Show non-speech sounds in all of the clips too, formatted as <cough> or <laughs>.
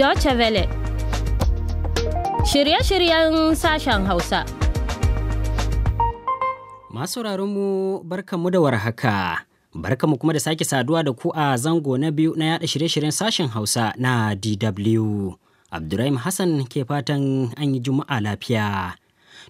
Deutsche Welle Shirye-shiryen sashen Hausa Masu mu barkanmu da warhaka. Barkanmu kuma da sake saduwa da ku a zango na biyu na yada shirye-shiryen sashen Hausa na DW. Abdurrahim Hassan ke fatan an yi juma'a lafiya.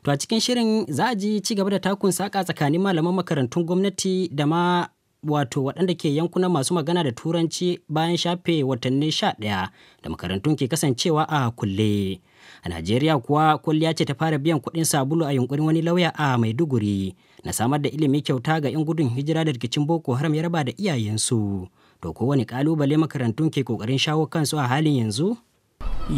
To a cikin shirin za a ji ci gaba da takun saƙa tsakanin malaman makarantun gwamnati da ma wato waɗanda ke yankuna masu magana da turanci bayan shafe watanni sha ɗaya da makarantun ke kasancewa a kulle a najeriya kuwa kulliya ce ta fara biyan kuɗin sabulu a yunkurin wani lauya a maiduguri na samar da ilimi kyauta ga 'yan gudun hijira da rikicin boko haram ya raba da iyayensu to kowane kalubale makarantun ke kokarin shawo kansu a halin yanzu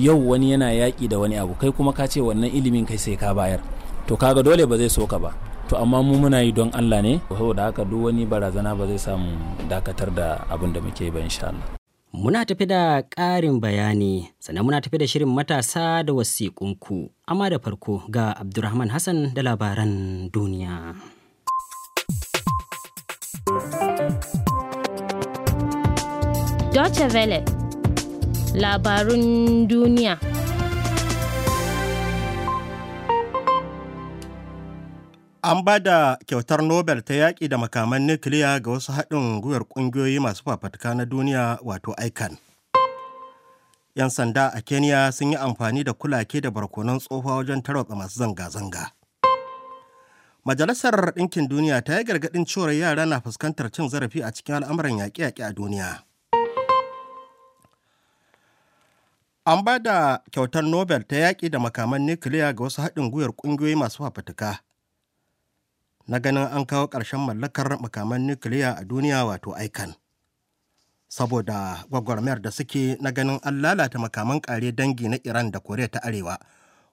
yau wani yana yaƙi da wani abu kai kuma ka ce wannan ilimin kai sai ka bayar to kaga dole ba zai so ka ba to amma mu muna yi don Allah ne saboda haka duk wani barazana ba zai samu dakatar da abin da muke ba insha Allah muna tafi da ƙarin bayani sannan muna tafi da shirin matasa da wasiƙunku amma da farko ga Abdulrahman Hassan da labaran duniya Deutsche Welle labarun duniya An ba da kyautar Nobel ta yaƙi da makaman nukiliya ga wasu haɗin gwiwar ƙungiyoyi masu fafatka na duniya wato ICAN. 'Yan sanda a Kenya sun yi amfani da kulake da barkonan tsofa wajen tarwatsa masu zanga-zanga. Majalisar Ɗinkin Duniya ta yi gargaɗin cewar yara na fuskantar cin zarafi a cikin al'amuran yaƙe-yaƙe a duniya. An ba da kyautar Nobel ta yaƙi da makaman nukiliya ga wasu haɗin gwiwar ƙungiyoyi masu fafatuka na ganin an kawo ƙarshen mallakar makaman nukiliya a duniya wato aikan saboda gwagwarmayar da suke na ganin an lalata makaman ƙare dangi na iran da koriya ta arewa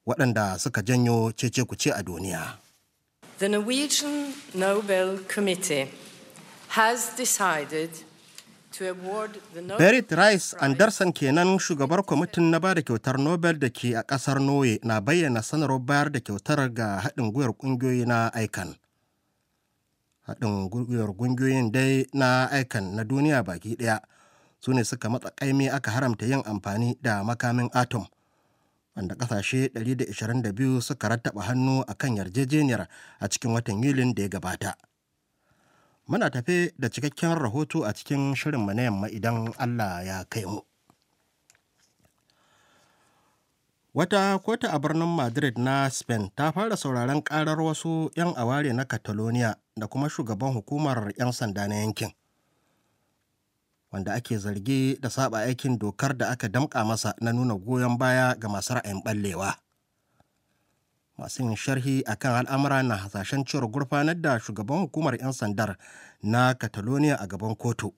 waɗanda suka janyo cece kuce a duniya the norwegian nobel committee has decided Berit Rice Anderson kenan shugabar kwamitin na ba da kyautar Nobel da ke a kasar Norway na bayyana sanarwar bayar da kyautar ga haɗin gwiwar ƙungiyoyi na aikan. haɗin gwiwar ƙungiyoyin dai na aikan na duniya baki ɗaya su ne suka matsa ƙaimi aka haramta yin amfani da makamin atom wanda ƙasashe 122 suka rattaba hannu a kan yarjejeniyar a cikin watan yulin da ya gabata muna tafe da cikakken rahoto a cikin shirinmu na yamma idan allah ya kai mu Wata kotu a birnin Madrid na Spain ta fara sauraron karar wasu 'yan aware na Catalonia da kuma shugaban hukumar 'yan sanda na yankin. Wanda ake zargi da saba aikin dokar da aka damƙa masa na nuna goyon baya ga masu ra'ayin ɓallewa. Masu yin sharhi a kan al'amura na hasashen cewar gurfanar da shugaban hukumar 'yan sandar na Catalonia a gaban kotu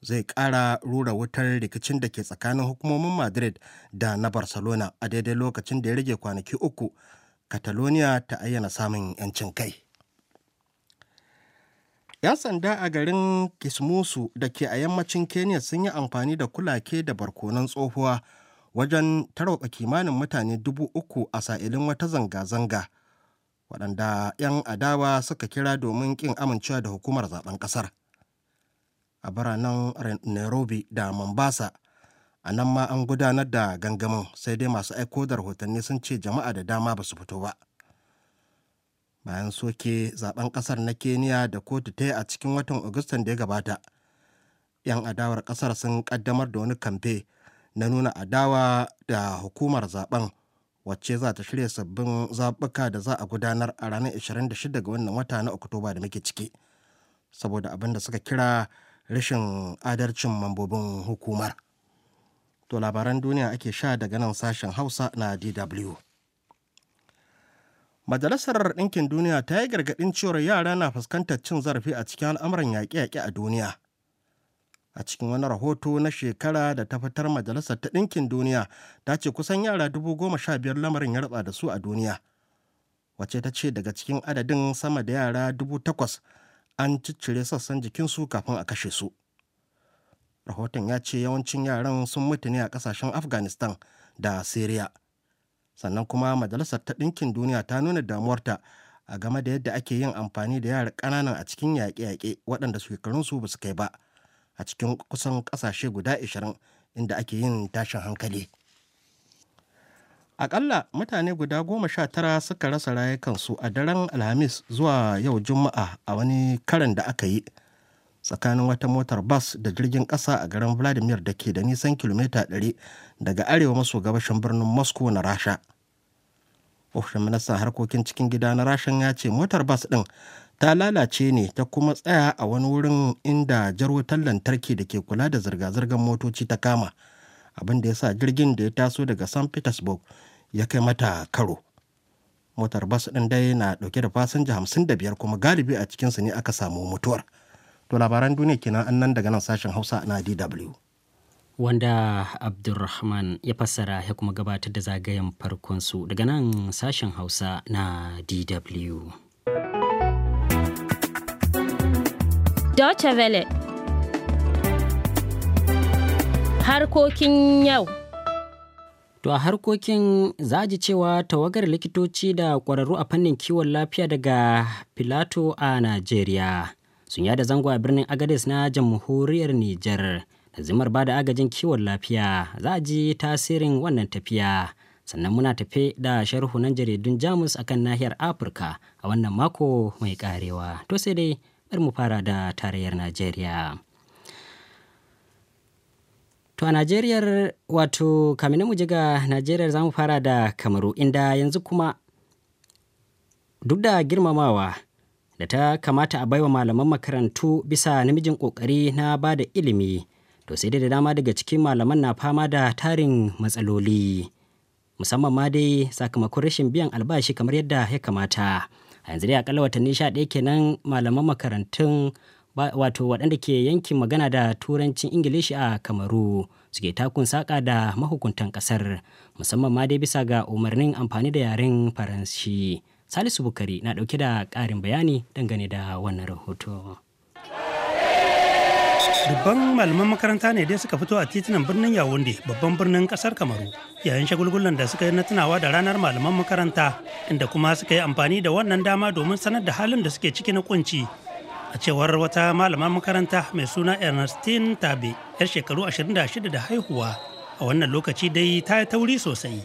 zai ƙara rura wutar rikicin da ke tsakanin hukumomin madrid da na barcelona a daidai lokacin da ya rage kwanaki uku catalonia ta ayyana samun 'yancin kai 'yan sanda a garin kismusu da ke a yammacin kenya sun yi amfani da kulake da barkonan tsohuwa wajen tarwaɓa kimanin mutane dubu uku a sa'ilin wata zanga-zanga waɗanda 'yan adawa suka kira domin ƙin amincewa da hukumar zaben ƙasar. a biranen nairobi da mombasa a nan ma an gudanar da gangamin sai dai masu aiko da rahotanni sun ce jama'a da dama ba su fito ba bayan soke zaben kasar na keniya da kotu ta yi a cikin watan agustan da ya gabata 'yan adawar kasar sun kaddamar da wani kamfe na nuna adawa da hukumar zaben wacce za ta shirya sabbin zaɓuka da za a gudanar a ranar 26 ga wannan wata na oktoba da muke ciki saboda abin da suka kira rashin adalcin mambobin hukumar to labaran duniya ake sha daga nan sashen hausa na dw majalisar ɗinkin duniya ta yi gargaɗin cewar yara na fuskantar cin zarafi a cikin al'amuran yaƙe-yaƙe a duniya a cikin wani rahoto na shekara da ta fitar majalisar ta ɗinkin duniya ta ce kusan yara dubu goma sha biyar lamarin ya ratsa da su a duniya wace ta ce daga cikin adadin sama da yara dubu takwas an ciccire sassan jikinsu kafin a kashe su rahoton ya ce yawancin yaran sun mutu ne a kasashen afghanistan da syria sannan kuma majalisar ta ɗinkin duniya ta nuna damuwarta a game da yadda ake yin amfani da yara ƙananan a cikin yaƙe-yaƙe waɗanda shekarunsu ba su kai ba a cikin kusan ƙasashe guda 20 inda ake yin tashin hankali. Akalla mutane guda goma sha tara suka rasa rayukansu a daren Alhamis zuwa yau Juma'a a wani karan da aka yi tsakanin wata motar bas da jirgin ƙasa a garin Vladimir da ke da nisan kilomita ɗari daga arewa maso gabashin birnin Moscow na Rasha. Ofishin ministan harkokin cikin gida na rasha ya ce motar bas ɗin ta lalace ne ta kuma tsaya a wani wurin inda jar wutar lantarki da ke kula da zirga-zirgar motoci ta kama abin da ya sa jirgin da ya taso daga St. Petersburg ya kai mata karo motar bas ɗin dai na ɗauke da fasinja hamsin da biyar kuma galibi a cikinsu ne aka samu mutuwar to labaran duniya kenan an nan daga nan sashen hausa na dw wanda abdulrahman ya fassara ya kuma gabatar da zagayen farkon su daga nan sashen hausa na dw Deutsche Welle harkokin yau To a harkokin za ji cewa tawagar likitoci da ƙwararru a fannin kiwon lafiya daga Filato a Najeriya sun yada zango a birnin Agades na jamhuriyar Nijar da zimar ba da agajin kiwon lafiya za a ji tasirin wannan tafiya. Sannan muna tafe da sharhunan jaridun Jamus akan nahiyar Afirka a wannan mako mai karewa. To sai dai bar mu fara da tarayyar Najeriya. To a Najeriyar wato kamina mu ga Najeriyar za mu fara da Kamaru inda yanzu kuma duk da girmamawa da ta kamata a baiwa malaman makarantu bisa namijin kokari na ba da ilimi to sai dai da dama daga cikin malaman na fama da tarin matsaloli musamman ma dai sakamakon rashin biyan albashi kamar yadda ya kamata a yanzu dai akalla watanni sha ɗaya kenan malaman makarantun wato waɗanda ke yankin magana da turancin ingilishi a kamaru suke takun saƙa da mahukuntan ƙasar musamman ma dai bisa ga umarnin amfani da yaren faransi salisu bukari na ɗauke da ƙarin bayani dangane da wannan rahoto dubban malaman makaranta ne dai suka fito a titunan birnin yawunde babban birnin kasar kamaru yayin shagulgulan da suka yi na tunawa da ranar malaman makaranta inda kuma suka yi amfani da wannan dama domin sanar da halin da suke ciki na kunci a cewar wata malamar makaranta mai suna ernestine tabe yar shekaru 26 da haihuwa a wannan lokaci dai ta yi tauri sosai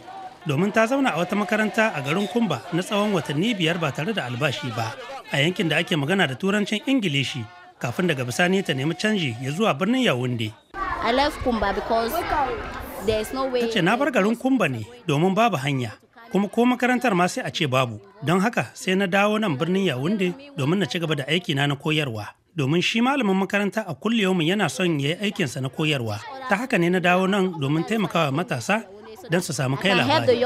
domin ta zauna a wata makaranta a garin kumba na tsawon watanni biyar ba tare da albashi ba a yankin da ake magana da turancin ingilishi kafin daga bisani ta nemi canji ya zuwa birnin yawunde ta ce na bar garin kumba ne domin babu hanya kuma ko makarantar ma sai a ce babu don haka sai na dawo nan birnin yawunde domin na ci gaba da aikina na koyarwa domin shi malamin makaranta a mu yana son ya yi aikinsa na koyarwa ta haka ne na dawo nan domin taimakawa matasa don su samu kai labari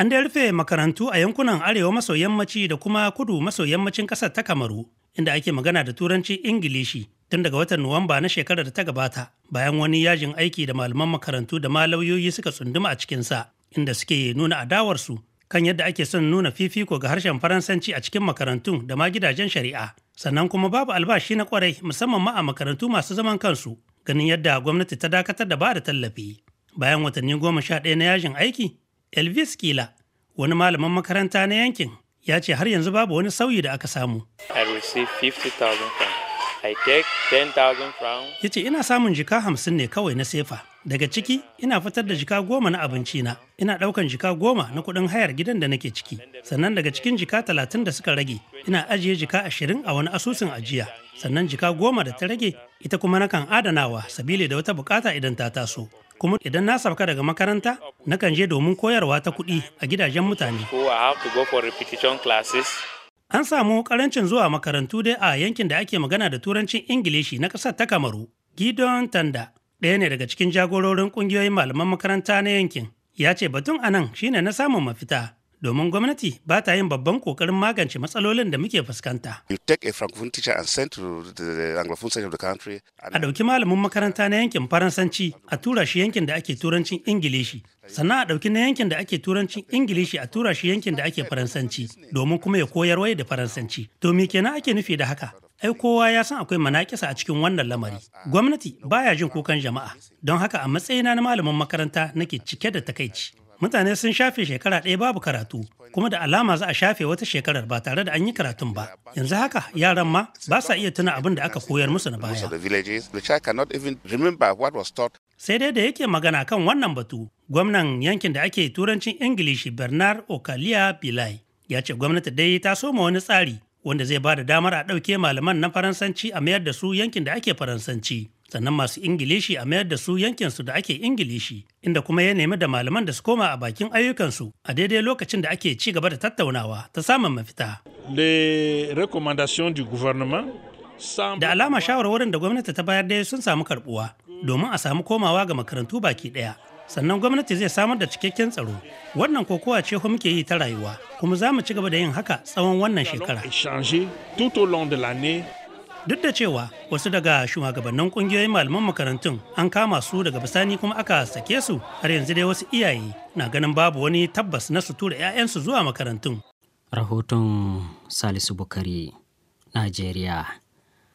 an da rufe makarantu a yankunan arewa maso yammaci da kuma kudu maso yammacin kasar ta kamaru inda ake magana da turanci ingilishi tun daga watan Nuwamba na shekarar da ta gabata bayan wani yajin aiki da malaman makarantu da ma lauyoyi suka tsunduma a cikinsa inda suke nuna adawarsu kan yadda ake son nuna fifiko ga harshen Faransanci a cikin makarantun da ma gidajen shari'a. Sannan kuma babu albashi na kwarai musamman ma a makarantu masu zaman kansu ganin yadda gwamnati ta dakatar da ba da tallafi. Bayan watanni goma sha ɗaya na yajin aiki, Elvis Kila, wani malaman makaranta na yankin, ya ce har yanzu babu wani sauyi da aka samu. I receive 50,000 I take 10,000 francs. Ya ce ina samun jika hamsin ne kawai na sefa. Daga ciki ina fitar da jika goma na abinci na. Ina ɗaukan jika goma na kuɗin hayar gidan da nake ciki. Sannan daga cikin jika talatin da suka rage, ina ajiye jika ashirin a wani asusun ajiya. Sannan jika goma da ta rage, ita kuma nakan adanawa sabili da wata bukata idan ta taso. Kuma idan na sauka daga makaranta, nakan je domin koyarwa ta kuɗi a gidajen mutane. An samu karancin zuwa makarantu dai a yankin da ake magana da turancin Ingilishi na ƙasar ta Kamaru. Gidon Tanda, ɗaya ne daga cikin jagororin ƙungiyoyin malaman makaranta na yankin, ya ce batun anan shine na samun mafita. domin gwamnati ba ta yin babban kokarin magance matsalolin da muke fuskanta. A ɗauki malamin makaranta na yankin Faransanci a tura shi yankin da ake turancin Ingilishi, sannan a ɗauki na yankin da ake turancin Ingilishi a tura shi yankin da ake Faransanci, domin kuma ya koyar wai da Faransanci. To me kenan ake nufi da haka? ai kowa ya san akwai manakisa a cikin wannan lamari gwamnati baya jin kukan jama'a don haka a matsayina na malamin makaranta nake cike da takaici mutane sun shafe shekara ɗaya babu karatu kuma da alama za a shafe wata shekarar ba tare da an yi karatun ba yanzu haka yaran ma ba sa iya tuna abin da aka koyar musu na baya sai dai da yake magana kan wannan batu gwamnan yankin da ake turancin ingilishi bernard okalia bilai ya ce gwamnati dai ta soma wani tsari wanda zai ba da damar a ɗauke malaman na faransanci a mayar da su yankin da ake faransanci sannan masu ingilishi a mayar da su yankinsu da ake ingilishi inda kuma ya nemi da malaman da su koma a bakin ayyukansu a daidai lokacin da ake ci gaba da tattaunawa ta samun mafita. Da alama shawarwarin da gwamnati ta bayar dai sun samu karbuwa domin a samu komawa ga makarantu baki ɗaya. sannan gwamnati zai samar da cikakken tsaro wannan kokowa ce muke yi ta rayuwa kuma za mu ci gaba da yin haka tsawon wannan shekara duk da cewa wasu daga shugabannin kungiyoyin malaman makarantun an kama su daga bisani kuma aka sake su har yanzu dai wasu iyaye na ganin babu wani tabbas na su tura 'ya'yansu zuwa makarantun rahoton salisu bukari najeriya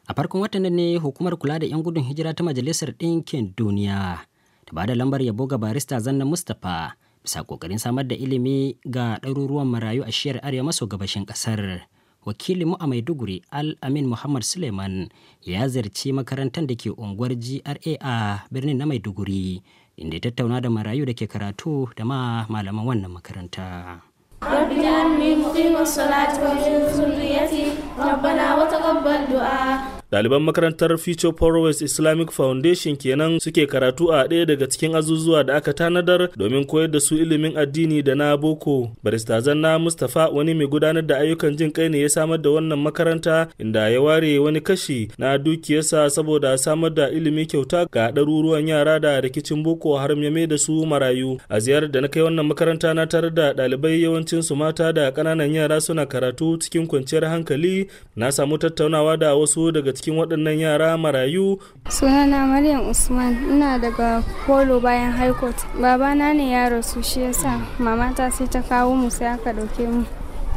a farkon watan ne hukumar kula da 'yan gudun hijira ta majalisar ɗinkin duniya ta bada lambar yabo ga barista zanna mustapha bisa kokarin samar da ilimi ga ɗaruruwan marayu a shiyar arewa maso gabashin ƙasar mu a maiduguri al-amin muhammad suleiman ya ziyarci makarantar da ke unguwar gra a birnin na maiduguri inda ya tattauna da marayu da ke karatu da ma malaman wannan makaranta ربي أني مقيم الصلاة ومن ذريتي ربنا وتقبل دعاء daliban makarantar Future Forward Islamic Foundation kenan suke karatu a ɗaya daga cikin azuzuwa da aka tanadar domin koyar da su ilimin addini da na boko. Barista Zanna Mustapha wani mai gudanar da ayyukan jin kai ne ya samar da wannan makaranta inda ya ware wani kashi na dukiyarsa saboda samar da ilimi kyauta ga ɗaruruwan yara da rikicin boko har ya mai da su marayu. A ziyarar da na kai wannan makaranta na tare da ɗalibai yawancin su mata da ƙananan yara suna karatu cikin kwanciyar hankali na samu tattaunawa da wasu daga cikin waɗannan yara marayu. Sunana Maryam Usman ina daga Polo bayan High Court. Babana ne ya rasu shi yasa mamata sai ta kawo mu sai aka ɗauke mu.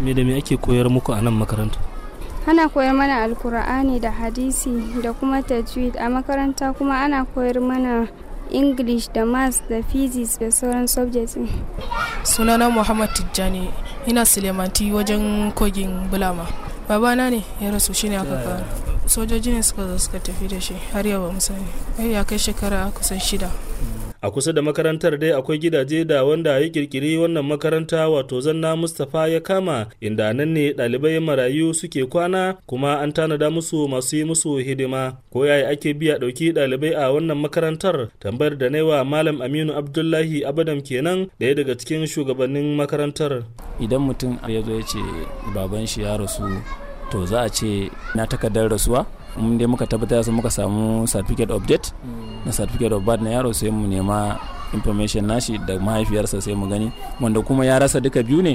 Me da me ake koyar muku a nan makaranta? Ana koyar mana alkur'ani da hadisi da kuma tajwid a makaranta kuma ana koyar mana English da Maths da Physics da sauran subjects. Sunana Muhammad Tijjani, ina Sulemanti wajen kogin Bulama. Babana ne ya rasu shine aka fara. sojoji ne suka zo suka tafi da shi har yau ba mu sani ya kai shekara kusan shida a kusa da makarantar dai akwai gidaje da wanda ya kirkiri wannan makaranta wato zanna mustapha ya kama inda nan ne ɗalibai marayu suke kwana kuma an tanada musu masu yi musu hidima ko yaya ake biya ɗauki ɗalibai a wannan makarantar tambayar da naiwa malam aminu abdullahi abadam kenan ɗaya daga cikin shugabannin makarantar idan mutum ya zo ya ce baban shi ya rasu to za a ce na takardar rasuwa mun dai muka tabbatar sun muka samu certificate of death mm. na certificate of birth na yaro sai mu nema information nashi da mahaifiyarsa sai mu gani wanda kuma ya rasa duka biyu ne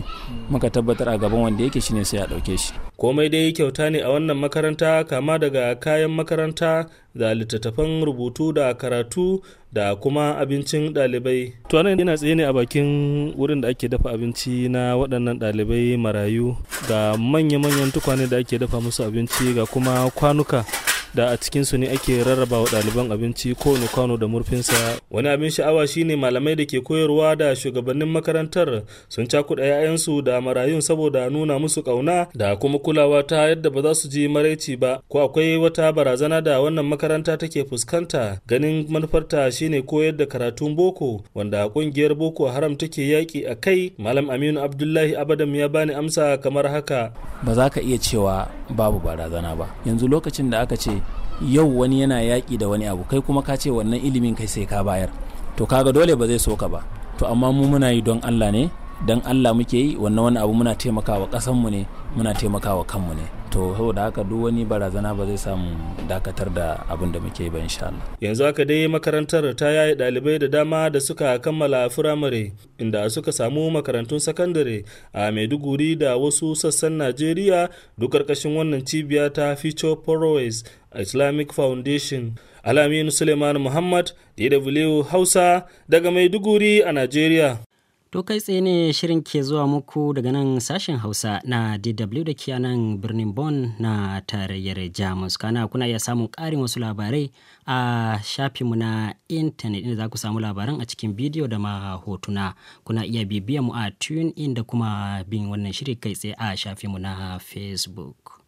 muka tabbatar a gaban wanda yake shine sai a ɗauke shi komai dai kyauta ne a wannan makaranta kama daga kayan makaranta da littattafan rubutu da karatu da kuma abincin ɗalibai. tuwanan yana tsaye ne a bakin wurin da ake dafa abinci na waɗannan ɗalibai marayu ga manya-manyan tukwane da ake dafa musu abinci ga kuma kwanuka da a cikinsu ne ake rarraba wa ɗaliban abinci kowane kwano da murfinsa wani abin sha'awa shine malamai da ke koyarwa da shugabannin makarantar sun cakuɗa 'ya'yansu da marayun saboda nuna musu ƙauna da kuma kulawa ta yadda ba za su ji maraici ba ko akwai wata barazana da wannan makaranta take fuskanta ganin manufarta shine koyar da karatun boko wanda ƙungiyar boko haram take yaƙi a kai malam aminu abdullahi abadam ya bani amsa kamar haka ba za ka iya cewa babu barazana ba yanzu lokacin da aka ce yau wani yana yaƙi da wani abu kai kuma ka ce wannan ilimin kai sai ka bayar to kaga dole ba zai so ba to amma mu muna yi don Allah ne don Allah muke yi wannan wani abu muna taimakawa ƙasanmu ne muna taimakawa kanmu ne to da haka duk wani barazana ba zai samu dakatar da abin da muke ba insha Allah yanzu haka dai makarantar ta yaye dalibai da dama da suka kammala firamare inda suka samu makarantun sakandare a Maiduguri da wasu sassan Najeriya duk ƙarƙashin wannan cibiya ta Future Prowess Islamic Foundation Alaminu Suleiman Muhammad DW Hausa daga Maiduguri a Najeriya To kai tsaye ne shirin ke zuwa muku daga nan sashen Hausa na DW da ke nan birnin Bonn na tarayyar Jamus. Kana kuna iya samun karin wasu labarai a shafinmu na intanet inda za ku samu labaran a cikin bidiyo da ma hotuna. Kuna iya bibiya mu a tune in da kuma bin wannan shiri kai tsaye a shafinmu na Facebook.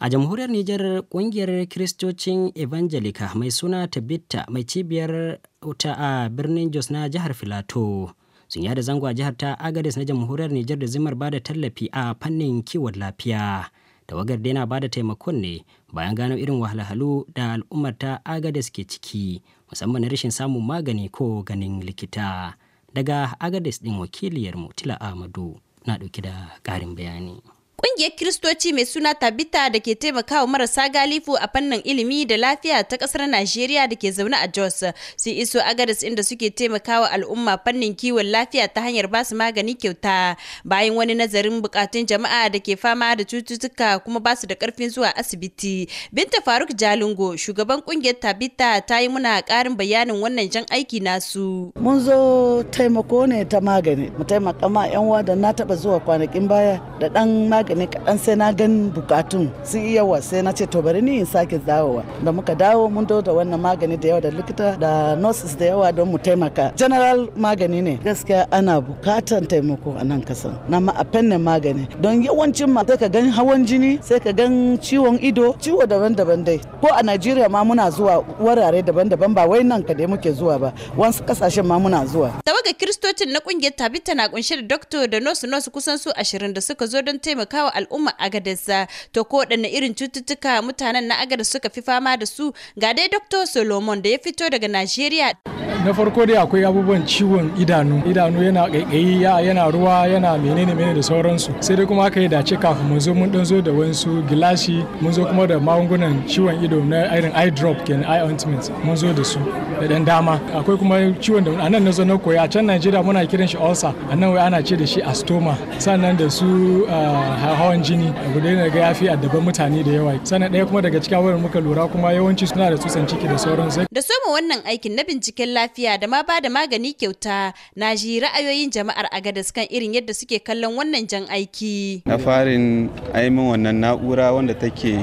A jamhuriyar Nijar kungiyar Kiristocin Evangelika mai suna Tabitta mai cibiyar wuta a birnin Jos na jihar Filato sun yada zango a jihar ta Agades na jamhuriyar Nijar da zimmar da tallafi a fannin kiwon lafiya. Tawagar dai na da taimakon ne bayan gano irin wahalhalu da al'ummar ta Agades ke ciki musamman na rashin samun magani ko ganin likita. Daga Agades din wakiliyar Mutila Amadu na ɗauki da ƙarin bayani. Ƙungiyar Kiristoci mai suna Tabita da ke taimakawa marasa galifu a fannin ilimi da lafiya ta ƙasar Najeriya da ke zaune a Jos sun iso Agadis inda suke taimakawa al'umma fannin kiwon lafiya ta hanyar ba su magani kyauta bayan wani nazarin bukatun jama'a da ke fama da cututtuka kuma ba su da ƙarfin zuwa asibiti. Binta Faruk Jalingo shugaban ƙungiyar Tabita ta yi muna ƙarin bayanin wannan jan aiki nasu. Mun zo taimako ne ta magani mu taimaka ma 'yan da na taɓa zuwa kwanakin baya da ɗan magani kaɗame kaɗan sai na gan bukatun sun iya yawa sai na ce to bari ni in sake dawowa da muka dawo mun dawo da wannan magani da yawa da likita da nurses da yawa don mu taimaka general magani ne gaskiya ana bukatan taimako a nan kasan na ma a fannin magani don yawancin ma sai ka gan hawan jini sai ka gan ciwon ido ciwo daban-daban dai ko a Najeriya ma muna zuwa wurare daban-daban ba wai nan ka dai muke zuwa ba wasu kasashen ma muna zuwa tawaga kristocin na kungiyar tabita na kunshe da doctor da nurse nurse kusan su 20 da suka zo don taimaka taimakawa al'umma agadez to ko waɗanne irin cututtuka mutanen na agadez suka fi fama da su ga dai dr solomon da ya fito daga najeriya na farko dai akwai abubuwan ciwon idanu idanu yana kaikayi yana ruwa yana menene menene da sauransu sai dai kuma aka yi dace kafin mun zo mun dan zo da wasu gilashi mun zo kuma da magungunan ciwon ido na irin eye drop kenan eye ointment mun zo da su da dan dama akwai kuma ciwon da a nan na zo na koya a can Najeriya muna kiran shi ulcer a nan wai ana ce da shi astoma sannan da su ah, hawan jini guda ne ga yafi addaban mutane da yawa sannan ɗaya kuma daga cikin wurin muka lura kuma yawanci suna da tsutsan ciki da sauransu da soma wannan aikin na binciken lafiya lafiya da ma ba da magani kyauta na ji ra'ayoyin jama'ar agadas kan irin yadda suke kallon wannan jan aiki na farin aimin wannan na'ura wanda take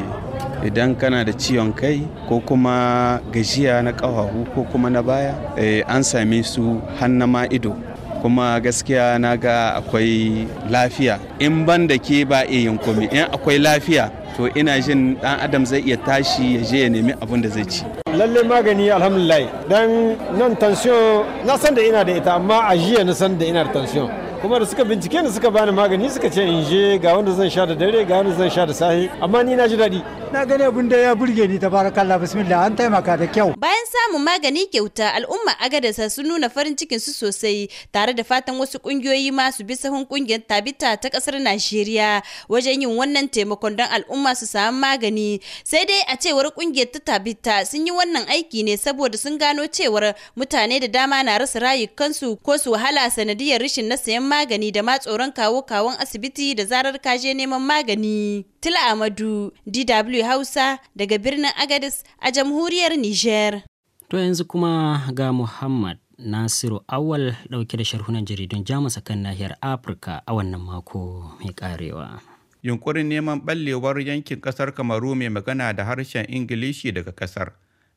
idan kana da ciwon kai ko kuma gajiya na ƙafafu ko kuma na baya eh, an same su hannama ido kuma gaskiya na ga akwai lafiya in ban da ke ba a yin komi in akwai lafiya to ina jin dan adam zai iya tashi ya je ya nemi abin da zai ci lalle magani alhamdulillah dan nan tansiyo na san da ina da ita amma a jiya na san da ina da tansiyo kuma da suka bincike ni suka bani magani suka ce in je ga wanda zan sha da dare ga wanda zan sha da safe amma ni na ji daɗi na gani abin da ya burge ni tabarakallah bismillah an taimaka da kyau bayan samun magani kyauta al'umma agadasa sun nuna farin cikin su sosai tare da fatan wasu kungiyoyi masu su bi sahun kungiyar tabita ta kasar najeriya wajen yin wannan taimakon don al'umma su samu magani sai dai a cewar kungiyar ta tabita sun yi wannan aiki ne saboda sun gano cewar mutane da dama na rasa rayukansu ko su wahala sanadiyar rashin na sayan magani da ma tsoron kawo kawon asibiti da zarar kaje neman magani. Tila Amadu, DW Hausa daga birnin Agadis a jamhuriyar Niger. To yanzu kuma ga Muhammad Nasiru Awal ɗauke da sharhunan jaridun Jamus a kan nahiyar Afirka a wannan mako mai karewa. Yunkurin neman ɓallewar yankin ƙasar Kamaru mai magana da harshen Ingilishi daga ƙasar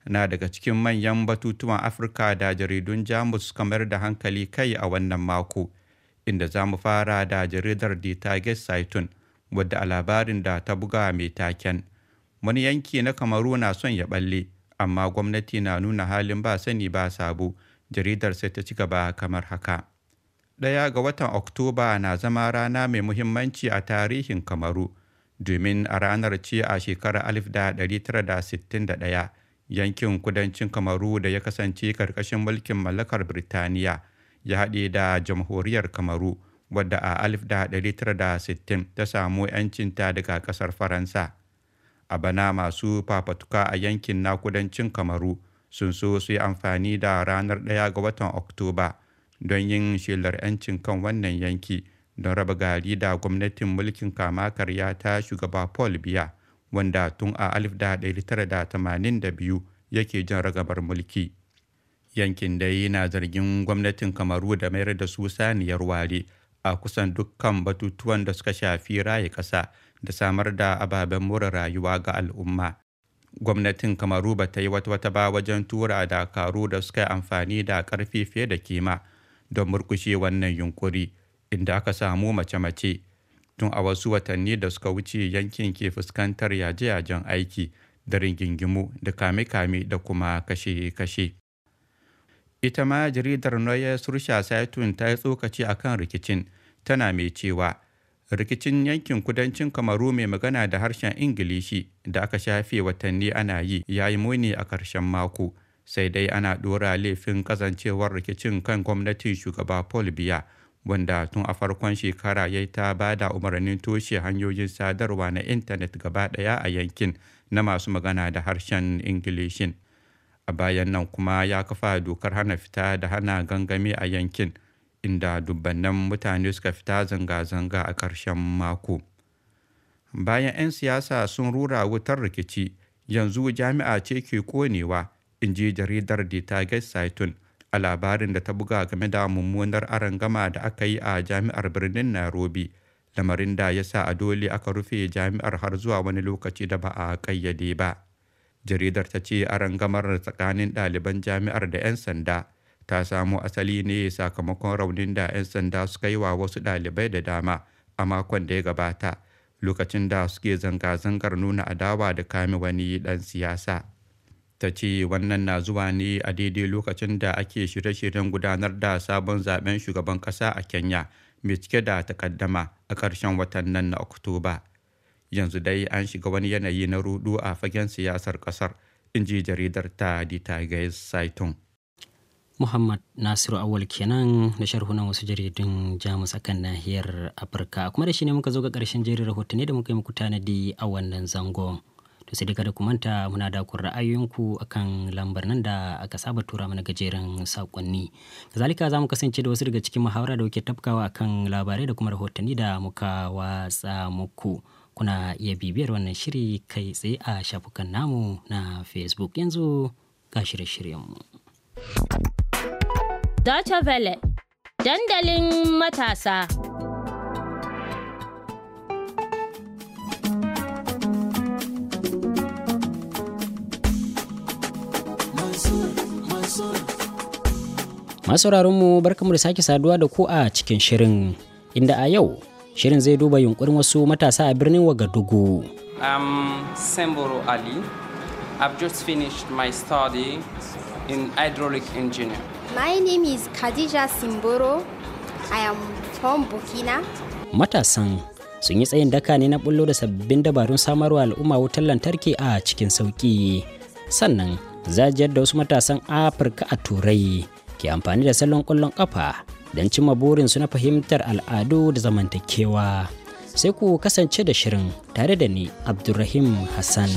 na daga cikin manyan batutuwan Afirka da jaridun Jamus kamar da hankali kai a wannan mako. inda za mu fara da jaridar The Target Saitun, wadda a labarin da ta buga mai taken. Wani yanki na Kamaru na son ya balle, amma gwamnati na nuna halin ba sani ba sabo. Jaridar sai ta ci gaba kamar haka. Ɗaya ga watan Oktoba na zama rana mai muhimmanci a tarihin Kamaru, domin a ranar ce a shekarar 1961 yankin kudancin Kamaru da ya kasance karkashin mulkin mallakar Birtaniya. ya haɗe da jamhuriyar kamaru wadda a 1960 ta samu 'yancinta daga ƙasar faransa a bana masu fafatuka a yankin na kudancin kamaru sun so su yi amfani da ranar 1 ga watan oktoba don yin shelar 'yancin kan wannan yanki don raba gari da gwamnatin mulkin kama karya ta shugaba paul biya wanda tun a 1982 yake jan ragabar mulki. yankin dai na zargin gwamnatin kamaru da mayar da su saniyar ware a kusan dukkan batutuwan da suka shafi raye ƙasa da samar da ababen more rayuwa ga al'umma gwamnatin kamaru ba ta yi wata wata ba wajen tura dakaru da suka yi amfani da ƙarfe fiye da kima don murkushe wannan yunkuri inda aka samu mace-mace tun a wasu watanni da suka wuce yankin ke fuskantar yaje-yajen aiki da rigingimu da kame-kame da kuma kashe-kashe ita ma jaridar noya surusha saitun ta yi tsokaci a kan rikicin tana mai cewa rikicin yankin kudancin kamaru mai magana da harshen ingilishi da aka shafe watanni ana yi ya yi muni a ƙarshen mako sai dai ana ɗora laifin ƙazancewar rikicin kan gwamnatin shugaba paul biya wanda tun a farkon shekara ya ta ba da umarnin toshe hanyoyin sadarwa na intanet gaba ɗaya a yankin na masu magana da harshen ingilishin a bayan nan kuma ya kafa dokar hana fita da hana gangami a yankin inda dubbannan mutane suka fita zanga-zanga a ƙarshen mako bayan 'yan siyasa sun rura wutar rikici yanzu jami'a ce ke konewa in ji jaridar detaget saitun a labarin da ta buga game da mummunar arangama da aka yi a jami'ar birnin nairobi lamarin da ya sa a dole aka rufe jami'ar har zuwa wani lokaci da ba a ƙayyade ba. jaridar ta ce rangamar tsakanin ɗaliban jami'ar da 'yan sanda ta samo asali ne sakamakon raunin da 'yan sanda suka yi wa wasu ɗalibai da dama a makon da ya gabata lokacin da suke zanga-zangar nuna adawa da kame wani ɗan siyasa ta ce wannan na zuwa ne a daidai lokacin da ake shirye-shiryen gudanar da sabon zaben shugaban ƙasa a kenya mai cike da takaddama a ƙarshen watan nan na oktoba yanzu dai an shiga wani yanayi na rudu a fagen siyasar kasar in ji jaridar ta tagayes saiton muhammad nasiru awal kenan da sharhunan wasu jaridun jamus akan nahiyar afirka kuma da shi ne muka zo ga karshen jerin rahotanni da muka yi muku tanadi a wannan zango to sai kada ku muna da kun ra'ayoyinku akan lambar nan da aka saba tura mana gajeren sakonni kazalika za mu kasance da wasu daga cikin muhawara da kuke tafkawa akan labarai da kuma rahotanni da muka watsa muku kuna iya bibiyar wannan shiri kai tsaye a shafukan namu na facebook yanzu ga shirye-shiryenmu. dacha Vele, dandalin matasa. Masu mu barkamu da sake saduwa da ku a cikin shirin inda a yau Shirin zai duba yunkurin wasu matasa a birnin Wagadugu. I'm Semboro Ali. I've just finished my study in hydraulic engineer. My name is Khadija Simboro. I am from Burkina. Matasan sun yi tsayin daka ne na bullo da sabbin dabarun samarwa al'umma wutar lantarki a cikin sauki. Sannan zajiyar da wasu matasan Afirka a Turai ke amfani da salon ƙwallon ƙafa don cimma burinsu na fahimtar al'adu da zamantakewa sai ku kasance da shirin tare da ni abdulrahim hassan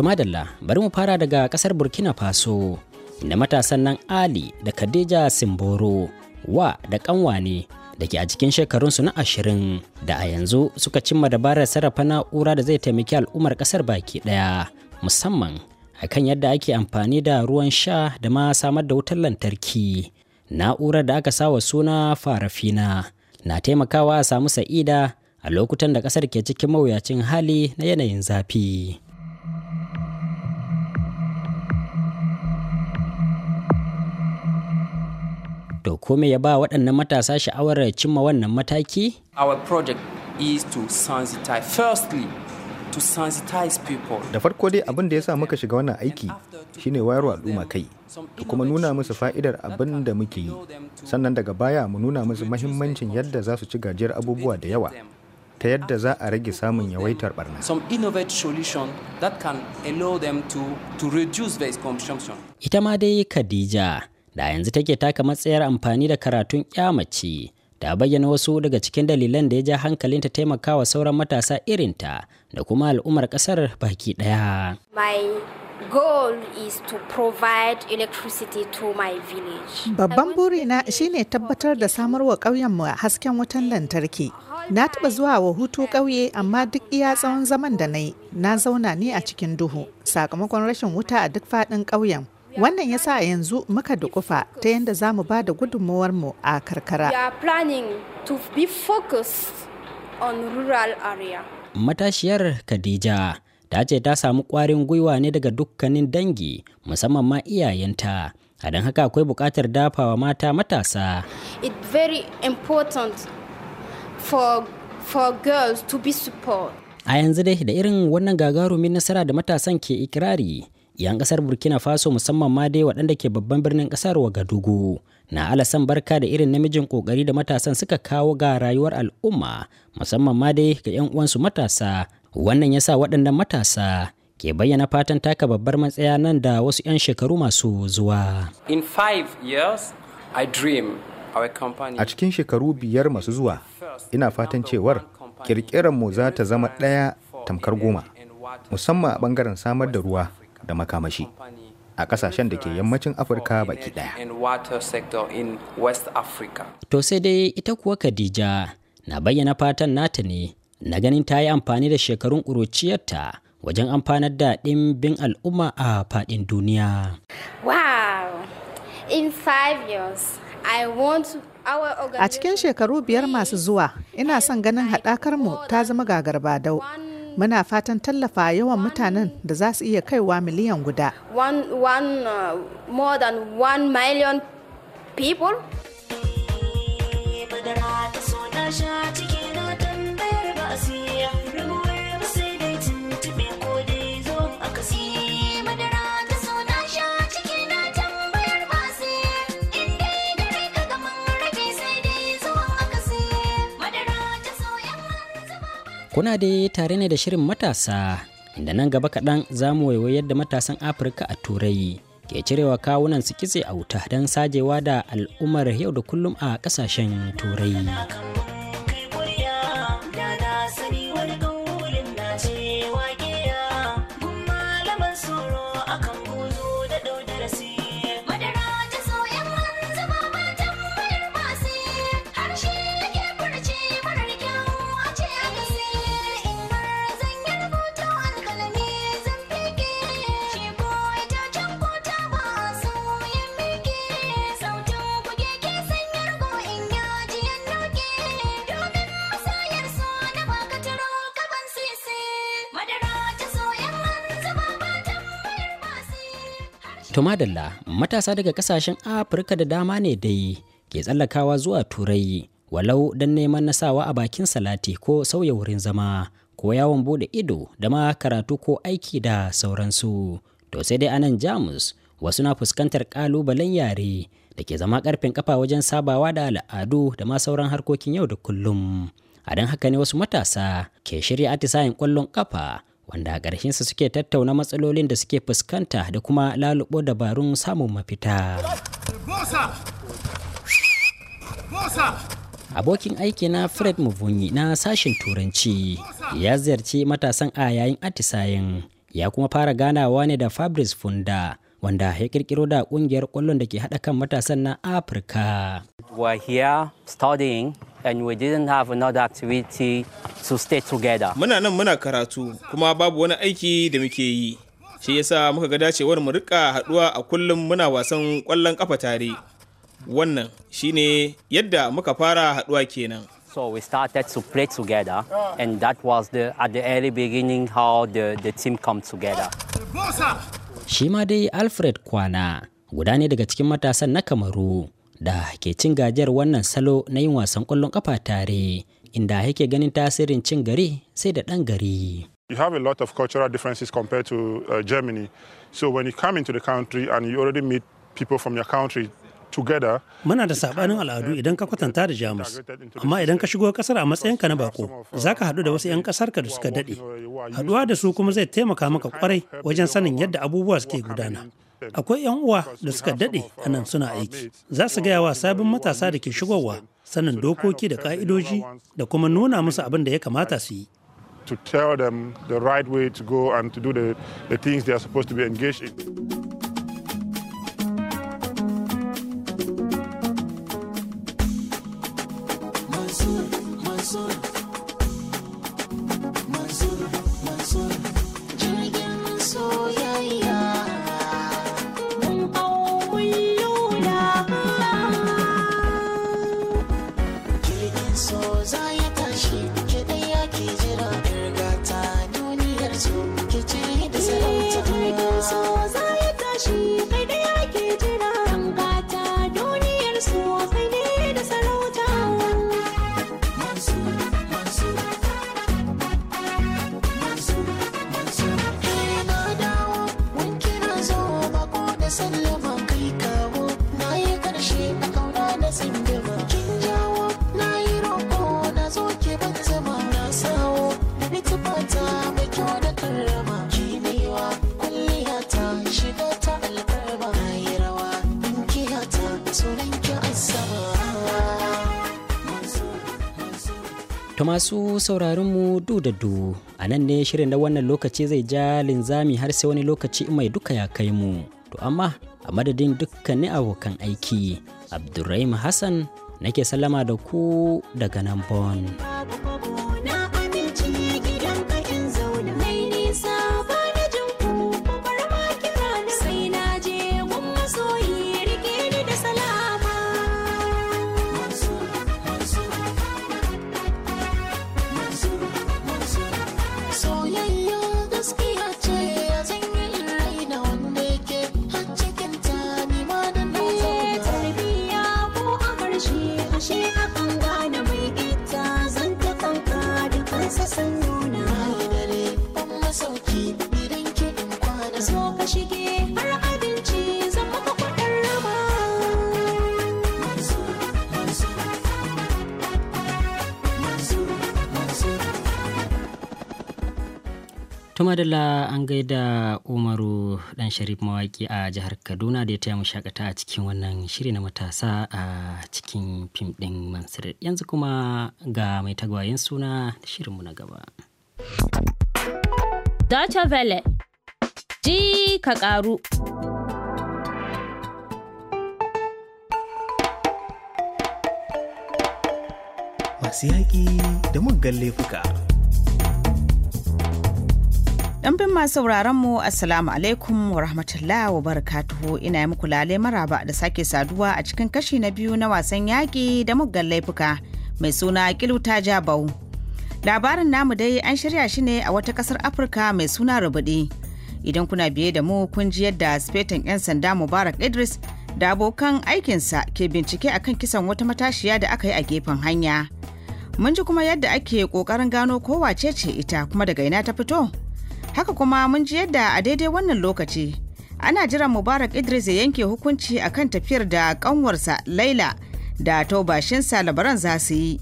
Tumadalla, bari mu fara daga kasar Burkina Faso Da matasan nan Ali da Khadija Simboro wa da kanwane da ke a cikin shekarunsu na ashirin da a yanzu suka cimma dabarar sarrafa na'ura da zai taimaki al'ummar kasar baki daya musamman a kan yadda ake amfani da ruwan sha da ma samar da wutar lantarki na'urar da aka sawa suna farafina na taimakawa a samu sa'ida a lokutan da kasar ke cikin mawuyacin hali na yanayin zafi To kome ya ba waɗannan matasa sha'awar cimma wannan mataki? Our project is to sensitize firstly to sensitize people. Da farko dai abin da ya sa muka shiga wannan aiki shine wayar al'umma kai da kuma nuna musu fa'idar abin da muke yi. Sannan daga baya mu nuna musu mahimmancin yadda za su ci gajiyar abubuwa da yawa ta yadda za a rage samun yawaitar barna. Some innovative solution that can allow them to, to reduce waste consumption. Ita ma dai Khadija da yanzu take taka matsayar amfani da karatun mace ta bayyana wasu daga cikin dalilan da ya ja hankalinta taimakawa sauran matasa irinta da kuma al'ummar kasar baki daya. My goal is to provide electricity to my village. Babban burina shine tabbatar da samar samarwa ƙauyenmu hasken wutan lantarki. Na taɓa zuwa wa hutu ƙauye amma duk iya tsawon zaman da na yi, na zauna ne a cikin duhu sakamakon rashin wuta a duk faɗin ƙauyen. Wannan ya sa yanzu muka da kufa ta yadda za mu ba da mu a karkara. Matashiyar Khadija ta ce ta samu kwarin gwiwa ne daga dukkanin dangi musamman ma iyayenta. A don haka akwai buƙatar dafawa mata matasa. It very important for, for girls to be support. A yanzu dai da irin wannan gagarumin nasara da matasan ke ikirari. 'yan kasar burkina faso musamman ma dai waɗanda ke babban birnin kasar wagadugu na alasan barka da irin namijin kokari da matasan suka kawo ga rayuwar al'umma musamman ma dai ga 'yan uwansu matasa wannan yasa waɗannan matasa ke bayyana fatan taka babbar matsaya nan da wasu 'yan shekaru masu zuwa in five years i a cikin shekaru biyar masu zuwa ina fatan cewar mu za ta zama ɗaya tamkar goma musamman a ɓangaren samar da ruwa da makamashi a kasashen da ke yammacin afirka baki daya to sai dai ita kuwa khadija na bayyana fatan nata ne na ganin ta yi amfani da shekarun ƙuruciyarta wajen amfanar da ɗimbin al'umma a faɗin duniya wow in five years i want A cikin shekaru biyar masu zuwa, ina son ganin haɗakar mu ta zama gagarba dau Muna fatan tallafa yawan mutanen da za su iya kaiwa miliyan guda. Uh, people. Kuna dai tare ne da shirin matasa, inda nan gaba kaɗan za mu waiwayar da matasan Afirka a Turai ke cirewa kawunan su kitse a wuta don sajewa da al'ummar yau da kullum a ƙasashen Turai. Wato madalla matasa daga kasashen Afirka da dama ne dai ke tsallakawa zuwa Turai walau don neman nasawa a bakin salati ko sauya wurin zama ko yawon bude ido da ma karatu ko aiki da sauransu. To sai dai anan Jamus wasu na fuskantar kalubalen yare da ke zama karfin kafa wajen sabawa da al'adu da ma sauran harkokin yau da kullum. A don haka ne wasu matasa ke shirya atisayen kwallon kafa? wanda a ƙarshensa suke tattauna matsalolin da suke fuskanta da kuma lalubo dabarun samun mafita. Abokin aiki na Fred Mubunyi na sashen Turanci ya ziyarci matasan a yayin atisayen ya kuma fara ganawa ne da Fabrice Funda wanda ya kirkiro da ƙungiyar kwallon da ke haɗa kan matasan na Afirka. We're here studying and we didn't have another activity to stay together. Muna nan muna karatu kuma babu wani aiki da muke yi. Shi yasa muka ga dacewar mu rika haduwa a kullum muna wasan kwallon kafa tare. Wannan shine yadda muka fara haduwa kenan. So we started to play together and that was the at the early beginning how the, the team come together. Shi ma dai Alfred Kwana guda ne daga cikin matasan na Kamaru. da ke cin gajiyar wannan salo na yin wasan ƙwallon ƙafa tare inda yake ganin tasirin cin gari sai da ɗan gari. You have a lot of cultural differences compared to uh, Germany. So when you come into the country and you already meet people from your country Muna da saɓanin al'adu idan ka kwatanta da Jamus, amma idan ka shigo ƙasar a matsayinka na bako, uh, za ka haɗu da wasu 'yan ka da suka daɗe. Haɗuwa da su kuma zai taimaka maka kwarai wajen sanin yadda abubuwa suke gudana. Akwai 'yan uwa da suka dade a nan suna aiki, za su gaya wa sabon matasa da ke shigowa sanin dokoki da ka'idoji da kuma nuna musu abin da ya kamata su yi. To tell them the right way to go and to do the, the things they are supposed to be engaged in. Mansur, Mansur, Mansur, masu sauraronmu du da du a nan ne shirin na wannan lokaci zai ja linzami har sai wani lokaci mai duka ya kai mu to amma a madadin dukkanin abokan aiki abdulrahim hassan nake sallama da ku daga nan bon. Abdullah an gaida Umaru Dan Sharif mawaki a jihar Kaduna da ya taya mu shakata a cikin wannan shiri na matasa a cikin fim ɗin Mansur. Yanzu kuma ga mai tagwayen suna da shirinmu na gaba. Dacha Vele, ji ka ƙaru. Masu yaƙi da muggan laifuka. Ɗanbin masu sauraron mu Assalamu alaikum wa rahmatullah wa barakatuhu ina muku lale maraba da sake saduwa a cikin kashi na biyu na wasan yaƙi da muggan laifuka mai suna kiluta jabau. Labarin namu dai an shirya shi ne a wata ƙasar Afirka mai suna rubuɗi. Idan kuna biye da mu kun ji yadda sifetin 'yan sanda Mubarak Idris da abokan aikinsa ke bincike akan kisan wata matashiya da aka yi a gefen hanya. Mun ji kuma yadda ake ƙoƙarin gano ko wace ce ita kuma daga ina ta fito. haka kuma mun ji yadda a daidai wannan lokaci ana jiran mubarak idris ya yanke hukunci akan tafiyar da kanwarsa laila da taubashinsa labaran za su yi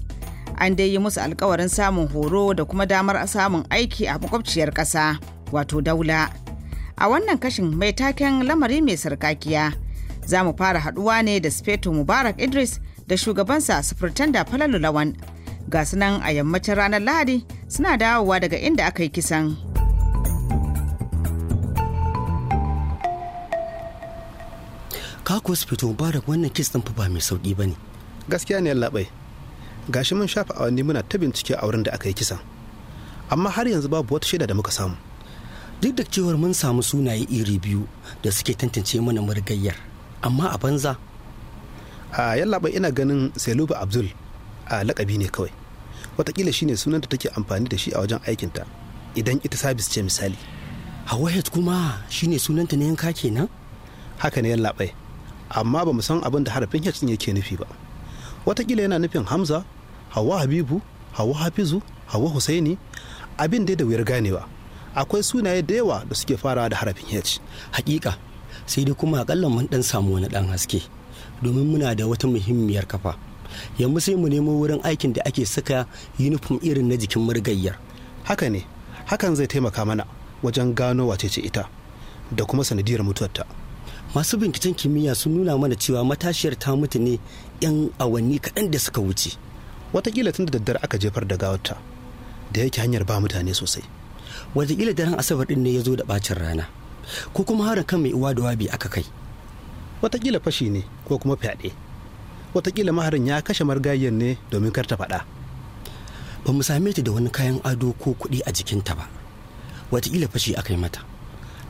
an dai yi musu alkawarin samun horo da kuma damar samun aiki a makwabciyar ƙasa wato daula a wannan kashin mai taken lamari mai sarkakiya za mu fara haɗuwa ne da sufeto mubarak idris da shugabansa sufurtan da falalu lawan ga sunan a yammacin ranar lahadi suna dawowa daga inda aka yi kisan kaku hospital da wannan kis ɗin fa ba mai sauki ba ne gaskiya ne labai gashi mun shafa awanni muna ta bincike a wurin da aka yi kisan amma har yanzu babu wata shaida da muka samu duk da cewar mun samu sunaye iri biyu da suke tantance mana murgayyar amma a banza a yallaɓai ina ganin seluba abdul a lakabi ne kawai watakila shine sunan da take amfani da shi a wajen aikinta idan ita sabis ce misali hawayat kuma shine sunanta ne yanka kenan haka ne yallaɓai amma ba mu san abin da harafin h in yake nufi ba watakila yana nufin hamza hawa habibu hawa hafizu hawa husaini abin dai da wuyar ganewa akwai sunaye da yawa da suke farawa da harafin h hakika sai dai kuma akalla mun dan samu wani dan haske domin muna da wata muhimmiyar kafa yanzu sai mu nemo wurin aikin da ake saka yunifom irin na jikin murgayyar haka ne hakan zai taimaka mana wajen gano wacece ita da kuma sanadiyar mutuwarta masu binciken kimiyya sun nuna mana cewa matashiyar ta mutu ne 'yan awanni kaɗan da suka wuce watakila tun da daddare aka jefar da gawarta da yake hanyar ba mutane sosai watakila daren asabar din ne ya zo da bacin rana ko kuma harin kan mai uwa da wabi aka kai watakila fashi ne ko kuma fyaɗe watakila maharin ya kashe margayyar ne domin kar ta faɗa ba mu same ta da wani kayan ado ko kuɗi a jikinta ba watakila fashi aka yi mata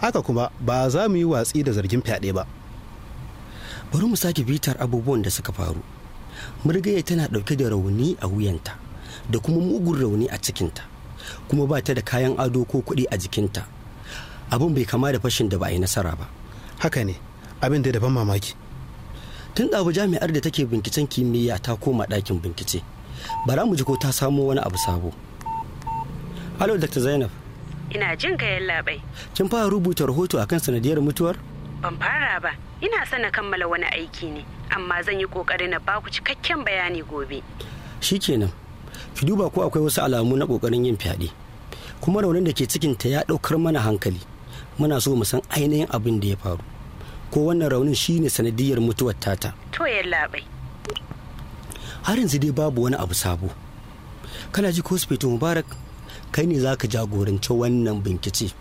haka kuma ba za mu yi watsi da zargin fyaɗe ba bari mu sake bitar abubuwan da suka faru murgaya tana ɗauke da rauni a wuyanta da kuma mugun rauni a cikinta kuma ba ta da kayan ado ko kuɗi a jikinta abin bai kama da fashin da ba a yi nasara ba haka ne abin da daban mamaki tun ɗabu jami'ar da take binkicen kimiyya ta koma ɗakin bincike bara mu ji ko ta samo wani abu sabo alo dr zainab ina jin kayan labai kin fara rubuta rahoto akan sanadiyar mutuwar ban fara ba ina sana kammala wani aiki ne amma zan yi ƙoƙari na baku cikakken bayani gobe shi kenan ki duba ko akwai wasu alamu na ƙoƙarin yin fyaɗe kuma raunin da ke cikin ta ya ɗaukar mana hankali muna so mu san ainihin abin da ya faru ko wannan raunin shine sanadiyar mutuwar tata to yallaɓai har yanzu dai babu wani abu sabo kana ji ko mubarak kai ne za ka jagoranci wannan binkici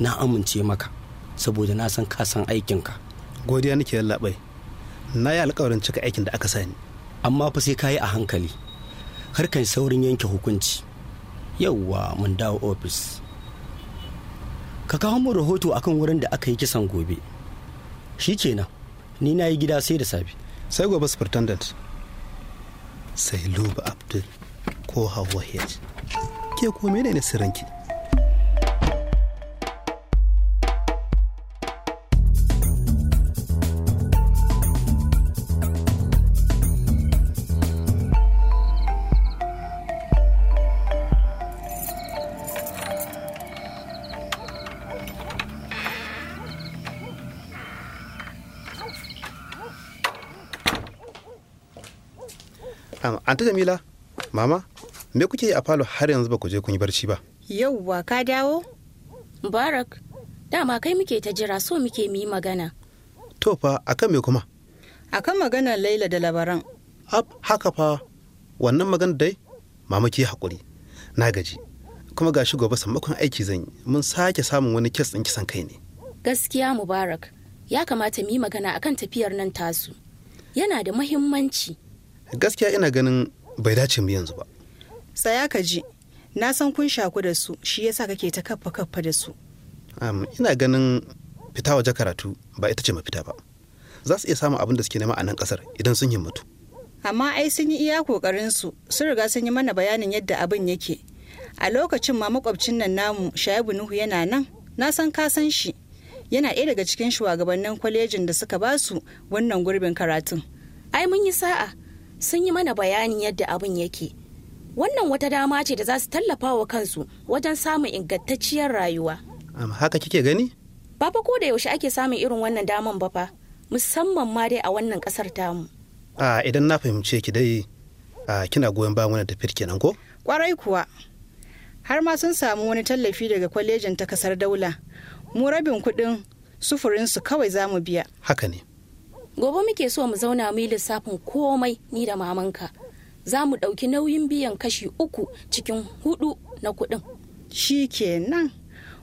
na amince maka saboda na san ka aikinka godiya nake lallabai. na yi alkawarin cika aikin da aka sani amma fa sai ka yi a hankali har kan saurin yanke hukunci yauwa mun dawo ofis ka kawo mu rahoto akan wurin da aka yi kisan gobe shi kenan ni na yi gida sai da safe sai gobe superintendent sai luba abdul ko hawa hiyar ke ko menene sirrinki Anta jamila mama me kuke yi a falo har yanzu ba ku je kun yi barci ba yauwa ka dawo mubarak dama kai muke ta jira so muke mu yi magana to fa akan me kuma akan maganar laila da labaran ab haka fa wannan magana dai mama ki hakuri na gaji kuma ga gashi gobe sammakon aiki zan yi mun sake samun wani kes ɗin kisan kai ne gaskiya mubarak ya kamata mu yi magana akan tafiyar nan tasu yana da muhimmanci. gaskiya ina ganin bai dace mu yanzu ba tsaya ka ji na san kun shaku da su shi yasa kake ta kaffa kaffa da su ina ganin fita waje karatu ba ita ce mafita ba za su iya samun abin da suke nema a nan kasar idan sun himmatu amma ai sun yi iya kokarin su sun riga sun yi mana bayanin yadda abin yake a lokacin ma makwabcin nan namu shaibu nuhu yana nan na san ka san shi yana ɗaya daga cikin shugabannin kwalejin da suka ba su wannan gurbin karatun ai mun yi sa'a sun yi mana bayanin yadda abin yake wannan wata dama ce da za su tallafa wa kansu wajen samun ingantacciyar rayuwa haka kike gani ba ko da yaushe ake samun irin wannan daman ba fa musamman ma dai a wannan kasar tamu a idan na fahimce ki dai kina goyon bayan wani tafiyar kenan ko kwarai kuwa har ma sun samu wani tallafi daga kwalejin ta kasar daula mu rabin kuɗin sufurin su kawai za mu biya haka ne gobe muke so mu zauna mu yi lissafin komai ni da mamanka za mu ɗauki nauyin biyan kashi uku cikin hudu na kuɗin. Shi kenan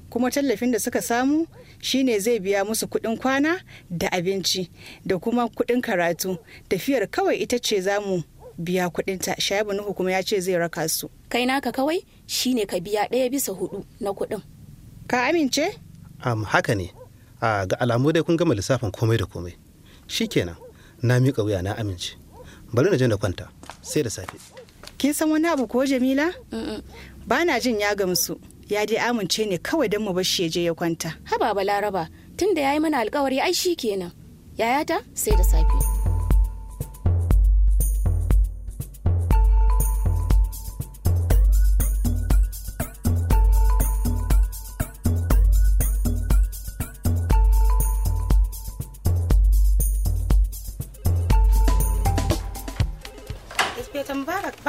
kuma tallafin da suka samu shine zai biya musu kuɗin kwana da abinci da kuma kuɗin karatu tafiyar kawai ita ce za mu biya kuɗinta Shayabu nuhu kuma ya ce zai raka su. Kai naka kawai shine ka biya ɗaya bisa hudu na kuɗin. Ka amince? Um, haka ne ga alamu dai kun gama lissafin komai da komai. Shi kenan na miƙa wuya na amince. bari na je na kwanta sai da safe kin san wani abu ko jamila ba na jin ya gamsu ya dai amince ne kawai don mu bashi ya je ya kwanta haba balaraba tunda ya yi mana alkawari ai shi kenan yayata sai da safe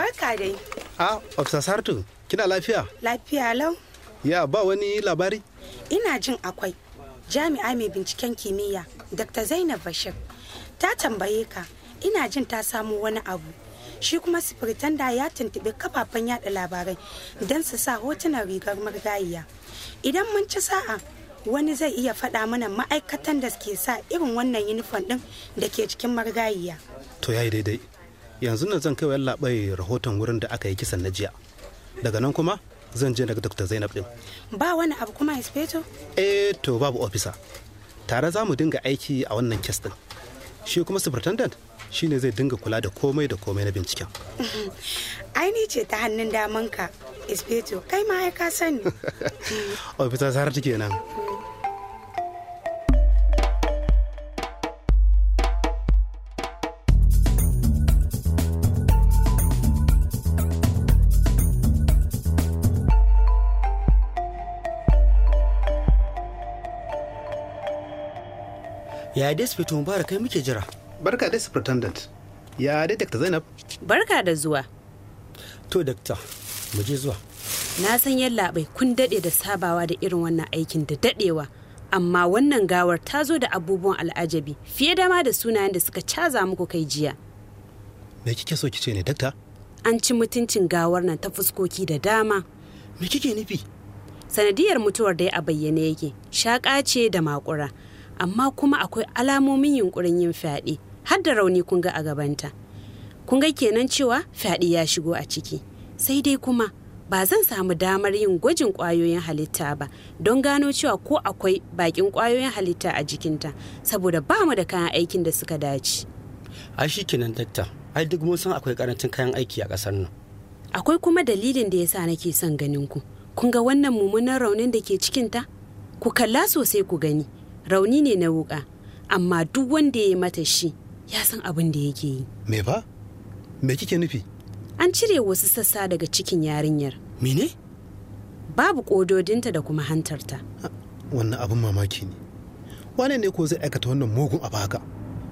Barka dai. A, Officer Sartu, kina lafiya? Lafiya lau. Ya ba wani labari? Ina jin akwai. Jami'a mai binciken kimiyya, Dr. Zainab Bashir, ta tambaye ka, ina jin ta samu wani abu. Shi kuma sufritanda ya tuntuɓi kafafen yada labarai don su sa hotunan rigar margayiya. Idan mun ci sa'a, wani zai iya faɗa mana ma'aikatan da ke sa irin wannan yunifon ɗin da ke cikin margayiya. To yayi daidai. yanzu nan zan kaiwa labai rahoton wurin da aka yi kisan na jiya daga nan kuma zan je daga dr zainab din ba wani abu kuma inspector eh to babu ofisa, tare za mu dinga aiki a wannan kes din shi kuma superintendent ne zai dinga kula da komai da komai na binciken <laughs> aini ce ta hannun damanka inspector kai ma ya ka sani <laughs> officer sarar kenan <laughs> ya dai fito mubarak kai muke jira barka dai superintendent ya dai dr zainab barka da zuwa to dakta mu je zuwa na san yallaɓai kun daɗe da sabawa da irin wannan aikin da daɗewa amma wannan gawar ta zo da abubuwan al'ajabi fiye da ma da sunayen da suka caza muku kai jiya me kike so kice ne dakta an ci mutuncin gawar nan ta fuskoki da dama me kike nufi sanadiyar mutuwar da ya bayyana bayyane yake shaƙa ce da makura amma kuma akwai alamomin yunkurin yin fyaɗe har da rauni kun ga a gabanta kun ga kenan cewa fyaɗe ya shigo a ciki sai dai kuma ba zan samu damar yin gwajin ƙwayoyin halitta ba don gano cewa ko akwai bakin ƙwayoyin halitta a jikinta saboda ba mu da kayan aikin da suka dace ai shi kenan dakta ai duk mun san akwai karancin kayan aiki a ƙasar nan akwai kuma dalilin da yasa nake son ganin ku kun ga wannan mummunan raunin da ke cikinta ku kalla sosai ku gani rauni ne na wuka amma duk wanda ya mata shi ya san abin da yake yi me ba me kike nufi an cire wasu sassa daga cikin yarinyar mene babu kododinta da kuma hantarta wannan abin mamaki ne wane ne ko zai aikata wannan mugun abu haka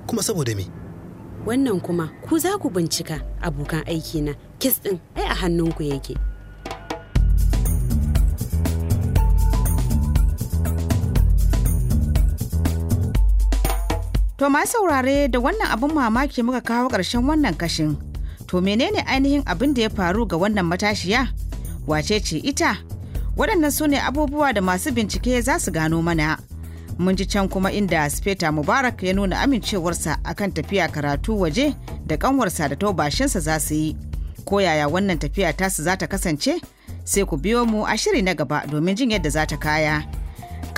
kuma saboda me wannan kuma ku za ku bincika abokan aiki na kis ɗin ai a hannunku yake To ma saurare da wannan abin mamaki muka kawo ƙarshen wannan kashin. To menene ainihin abin da ya faru ga wannan matashiya? Wace ce ita? Waɗannan su ne abubuwa da masu bincike za su gano mana. Mun ji can kuma inda Speta Mubarak ya nuna amincewarsa akan tafiya karatu waje da ƙanwarsa da taubashinsa za su yi. Ko yaya wannan tafiya tasu za ta kasance? Sai ku biyo mu a shiri na gaba domin jin yadda za ta kaya.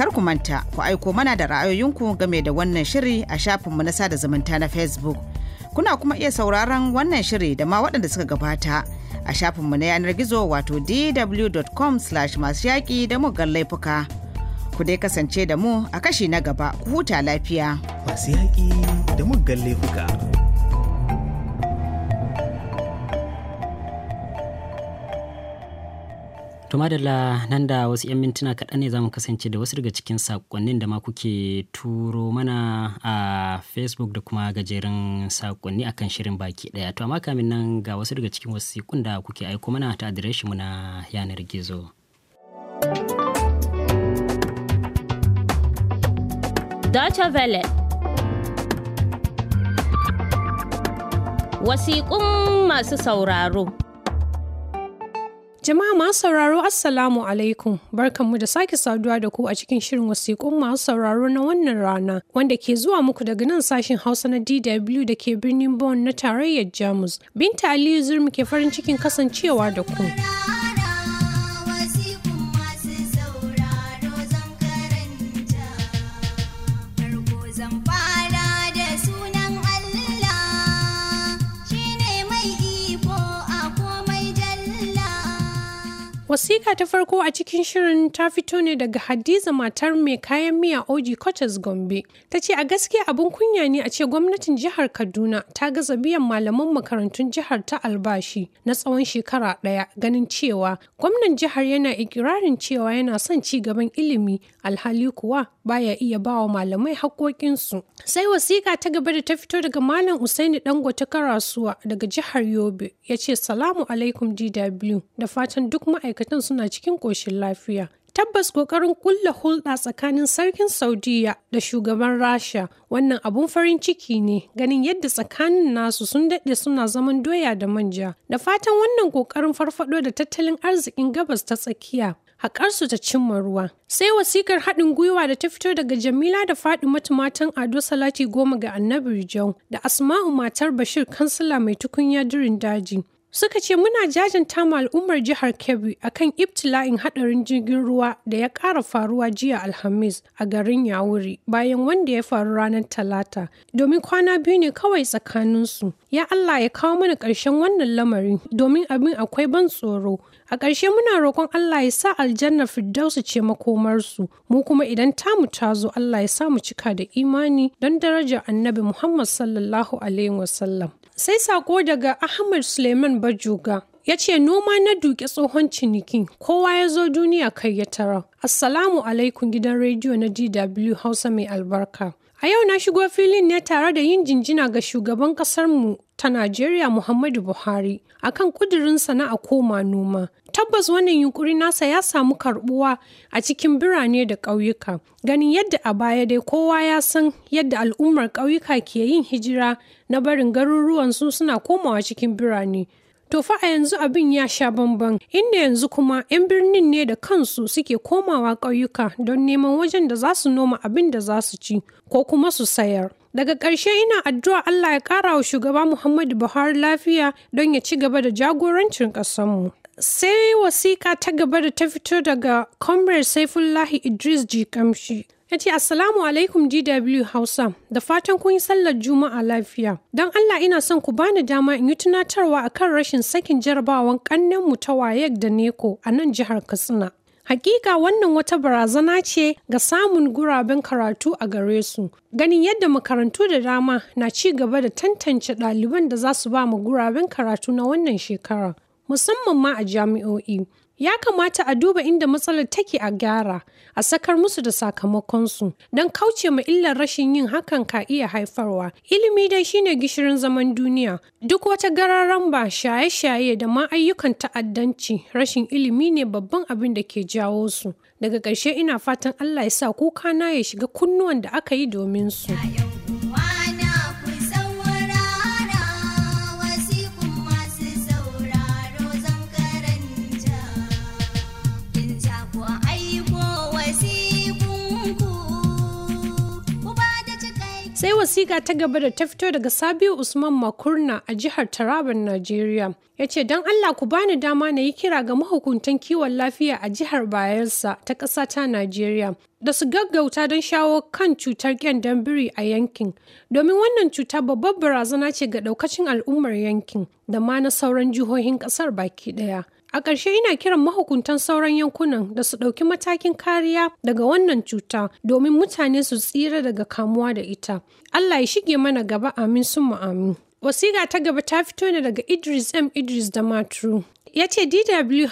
kar ku manta ku aiko mana da ra'ayoyinku game da wannan shiri a shafinmu na sada zumunta na facebook kuna kuma iya sauraron wannan shiri da ma waɗanda suka gabata a shafinmu na yanar gizo wato dw.com slash masu yaƙi da muggan laifuka ku dai kasance da mu a kashi na gaba ku huta lafiya masu yaƙi da muggan laifuka To madalla nan da wasu 'yan mintuna kaɗan ne za mu kasance da wasu daga cikin saƙonnin da ma kuke turo mana a Facebook da kuma gajeren saƙonni akan shirin baki ɗaya. To amma kamin nan ga wasu daga cikin wasikun da kuke aiko mana ta adireshinmu na yanar gizo. Dacha Vele Wasiƙun masu sauraro. Jama'a masu sauraro Assalamu alaikum barkanmu da sake saduwa da ku a cikin shirin wasiƙun masu sauraro na wannan rana wanda ke zuwa muku daga nan sashen Hausa na DW da ke birnin Bonn na tarayyar Jamus. Binta Aliyu Zurmi ke farin cikin kasancewa da ku. Wasiƙa ta farko a cikin shirin ta fito ne daga Hadiza matar mai kayan miya Oji Kotes Gombe. Ta ce a gaskiya abin kunya ne a ce gwamnatin jihar Kaduna ta gaza biyan malaman makarantun jihar ta albashi na tsawon shekara ɗaya ganin cewa gwamnan jihar yana ikirarin cewa yana son ci gaban ilimi alhali kuwa baya iya ba wa malamai haƙoƙinsu. Sai wasiƙa ta gaba da ta fito daga Malam Usaini Dangote Karasuwa daga jihar Yobe ya ce Salamu alaikum DW da fatan duk ma'aikata ma'aikatan suna cikin ƙoshin lafiya. Tabbas ƙoƙarin ƙulla hulɗa tsakanin sarkin Saudiya da shugaban Rasha wannan abun farin ciki ne ganin yadda tsakanin nasu sun daɗe suna zaman doya da manja. Da fatan wannan ƙoƙarin farfaɗo da tattalin arzikin gabas ta tsakiya haƙar su ta cimma ruwa. Sai wasikar haɗin gwiwa da ta fito daga Jamila da mata matan Ado Salati goma ga Annabi Rijau da Asma'u matar Bashir kansila mai tukunya durin daji suka ce muna jajanta ma al'ummar jihar Kebbi a akan ibtila'in hadarin jirgin ruwa da ya ƙara faruwa jiya Alhamis a garin Yawuri bayan wanda ya faru ranar Talata domin kwana biyu ne kawai tsakaninsu. Ya Allah ya kawo mana ƙarshen wannan lamarin domin abin akwai ban tsoro. A ƙarshe muna roƙon Allah ya sa aljanna Firdausu ce makomarsu mu kuma idan tamu ta zo Allah ya sa mu cika da imani don darajar Annabi Muhammad sallallahu alaihi wasallam. Sai sako daga Ahmad Suleiman Bajuga. ya ce noma na duke tsohon ciniki kowa ya zo duniya kai ya tara. Assalamu alaikum gidan rediyo na DW Hausa mai albarka. A yau na shigo filin ne tare da yin jinjina ga shugaban ƙasarmu ta Najeriya Muhammadu Buhari akan kudirin sana'a a koma noma. Tabbas wannan yunkuri nasa ya samu karbuwa a cikin birane da ƙauyuka. Ganin yadda a baya dai kowa ya san yadda al'ummar ƙauyuka ke yin hijira na barin garuruwansu suna komawa cikin birane. To fa a yanzu abin ya sha bamban, inda yanzu kuma 'yan birnin ne da kansu suke komawa ƙauyuka don neman wajen da za su noma abin da za su ci ko kuma su sayar. Daga ƙarshe ina addu'a Allah ya ƙara wa shugaba Muhammadu Buhari lafiya don ya ci gaba da jagorancin ƙasarmu. Sai wasiƙa ta gaba da ta fito daga Comrade Saifullahi Idris Jikamshi. ya ce assalamu alaikum dw hausa da fatan kun yi sallar juma'a lafiya don allah ina son ku bani dama in yi tunatarwa akan rashin sakin jarabawan kannen ta wayek da neko a nan jihar katsina Hakika wannan wata barazana ce ga samun guraben karatu a gare su. Ganin yadda makarantu da dama na ci gaba da tantance ɗaliban da za su ba mu guraben karatu na wannan shekara, musamman ma a jami'o'i. ya kamata a duba inda matsalar take a gyara a sakar musu da sakamakonsu don kauce ma illar rashin yin hakan ka iya haifarwa ilimi dai shine gishirin zaman duniya duk wata gararan ba shaye-shaye da ma ayyukan ta'addanci rashin ilimi ne babban abin da ke jawo su daga ƙarshe ina fatan allah ya sa kuka na ya shiga kunnuwan da aka yi domin su. wasiƙa ta gaba da ta fito daga Sabiu Usman Makurna a jihar Taraban, Najeriya. Ya ce, "Don Allah ku bani dama na yi kira ga mahukuntan kiwon lafiya a jihar Bayelsa ta ƙasa ta Najeriya da su gaggauta don shawo kan cutar ƙyandan biri a yankin, domin wannan cuta babbar barazana ce ga ɗaukacin al'ummar yankin da ma na sauran jihohin ƙasar baki ɗaya." A ƙarshe ina kiran mahukuntan sauran yankunan da su ɗauki matakin kariya daga wannan cuta domin mutane su tsira daga kamuwa da ita. Allah ya shige mana gaba amin sun amin. Wasiƙa ta gaba ta fito ne daga Idris M. Idris da Matru. ya ce dw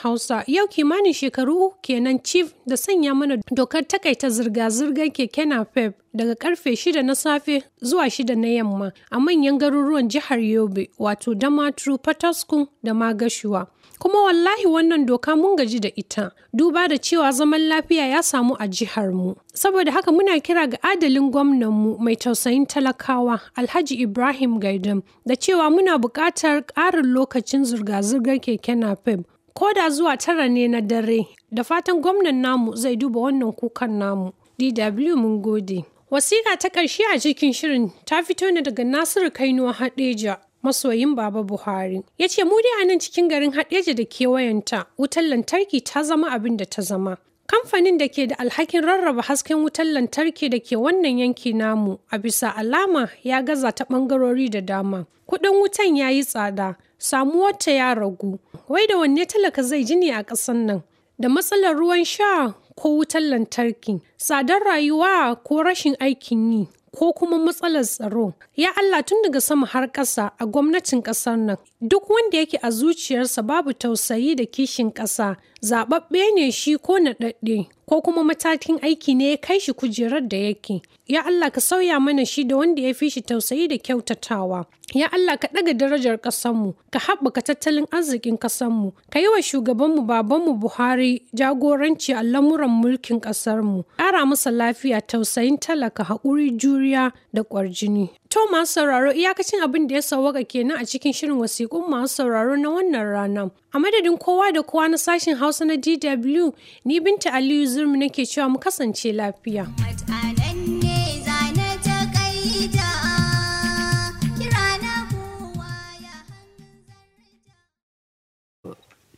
hausa yau kimanin shekaru kenan chief da sanya mana dokar takaita zirga-zirgar keke na PEP daga karfe shida na safe zuwa shida na yamma a manyan garuruwan jihar yobe wato damaturu fataskun da magashuwa kuma wallahi wannan doka mun gaji da ita duba da cewa zaman lafiya ya samu a jihar mu saboda haka muna kira ga adalin gwamnan mu mai tausayin talakawa Alhaji Ibrahim Gaidam da cewa muna buƙatar ƙarin lokacin zirga-zirgar keke napep ko da zuwa tara ne na dare da fatan gwamnan namu zai duba wannan kukan namu dw mun gode wasiƙa ta ƙarshe a cikin shirin ta fito ne daga nasiru kainuwa haɗeja masoyin Baba Buhari. Ya ce mu dai a nan cikin garin Haɗeja da kewayenta wutar lantarki ta zama abin da ta zama. Kamfanin da ke da alhakin rarraba hasken wutar lantarki da ke wannan yanki namu a bisa alama ya gaza ta ɓangarori da dama. Kuɗin wutan ya yi tsada, samuwarta ya ragu. Wai da wanne talaka zai ji ne a ƙasan nan? Da matsalar ruwan sha ko wutar lantarki, tsadar rayuwa ko rashin aikin yi. ko kuma matsalar tsaro. Ya Allah tun daga sama har ƙasa a gwamnatin ƙasar nan. Duk wanda yake a zuciyarsa babu tausayi da kishin ƙasa, zaɓaɓɓe ne shi ko naɗaɗɗe, ko kuma matakin aiki ne ya kai shi kujerar da yake. Ya Allah ka sauya mana shi da wanda ya fi shi tausayi da kyautatawa. Ya Allah ka ɗaga darajar ƙasanmu, ka haɓaka tattalin arzikin ƙasanmu, ka yi wa shugabanmu babanmu Buhari jagoranci a lamuran mulkin ƙasarmu, ƙara masa lafiya tausayin talaka haƙuri juriya da ƙwarjini. To masu sauraro iyakacin abin da ya sawaka kenan a cikin shirin wasiƙun masu sauraro na wannan rana. A madadin kowa da kowa na sashen Hausa na DW, ni Binta Aliyu Zurmi nake cewa mu kasance lafiya.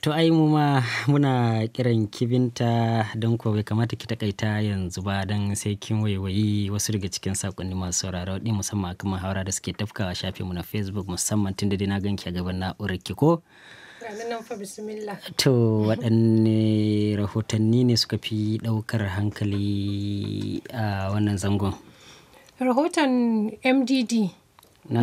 To ai mu ma muna kiran ki Binta don ko bai kamata ki takaita yanzu ba don sai kin waiwayi wasu daga cikin sakonni masu sauraro din musamman akan haura da suke tafkawa shafin mu na Facebook musamman tun da dai na ganki a gaban na'urar ki ko? To waɗanne rahotanni ne suka fi ɗaukar hankali a wannan zangon? Rahoton MDD na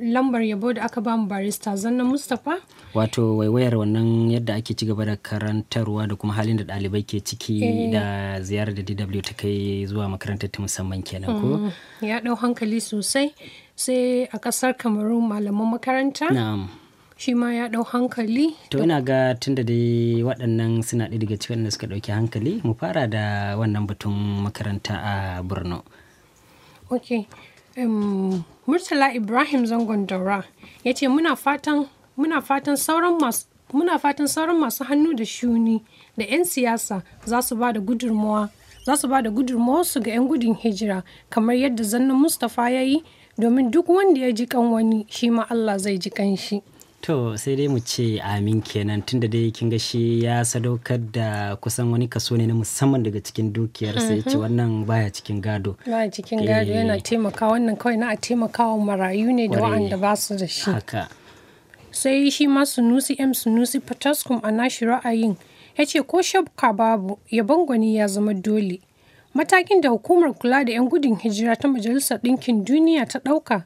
lambar yabo da aka bamu barista zanna mustapha wato waiwayar wannan yadda ake ci gaba da karantarwa da kuma halin da ɗalibai ke ciki eh. da ziyarar da dw ta kai zuwa makarantar ta musamman kenan ko mm, ya ɗau hankali sosai sai a ƙasar kamaru malaman makaranta shi ma ya ɗau hankali to ina ga tunda dai waɗannan suna ɗaya daga cikin da suka ɗauki hankali mu fara da wannan batun makaranta a borno okay Murtala Ibrahim Zangon Daura ya ce muna fatan sauran masu hannu da shuni da 'yan siyasa za su ba da gudunmawa za su ba da gudunmawarsu ga 'yan gudun hijira kamar yadda zannan mustapha ya yi domin duk wanda ya ji kan wani shi ma allah zai ji kan shi To sai dai mu ce amin kenan tunda dai kin ga shi ya sadaukar da kusan wani kaso ne na musamman daga cikin dukiyarsa ya ce mm-hmm. wannan baya cikin gado. Baya cikin gado yana eh. taimaka wannan kawai na a taimakawa marayu ne da wa'anda ba su da shi. Haka. Sai shi ma Sunusi M Sunusi Pataskum a nashi ra'ayin ya ce ko shabka babu ya bangwani ya zama dole. Matakin da hukumar kula da 'yan gudun hijira ta Majalisar Ɗinkin Duniya ta ɗauka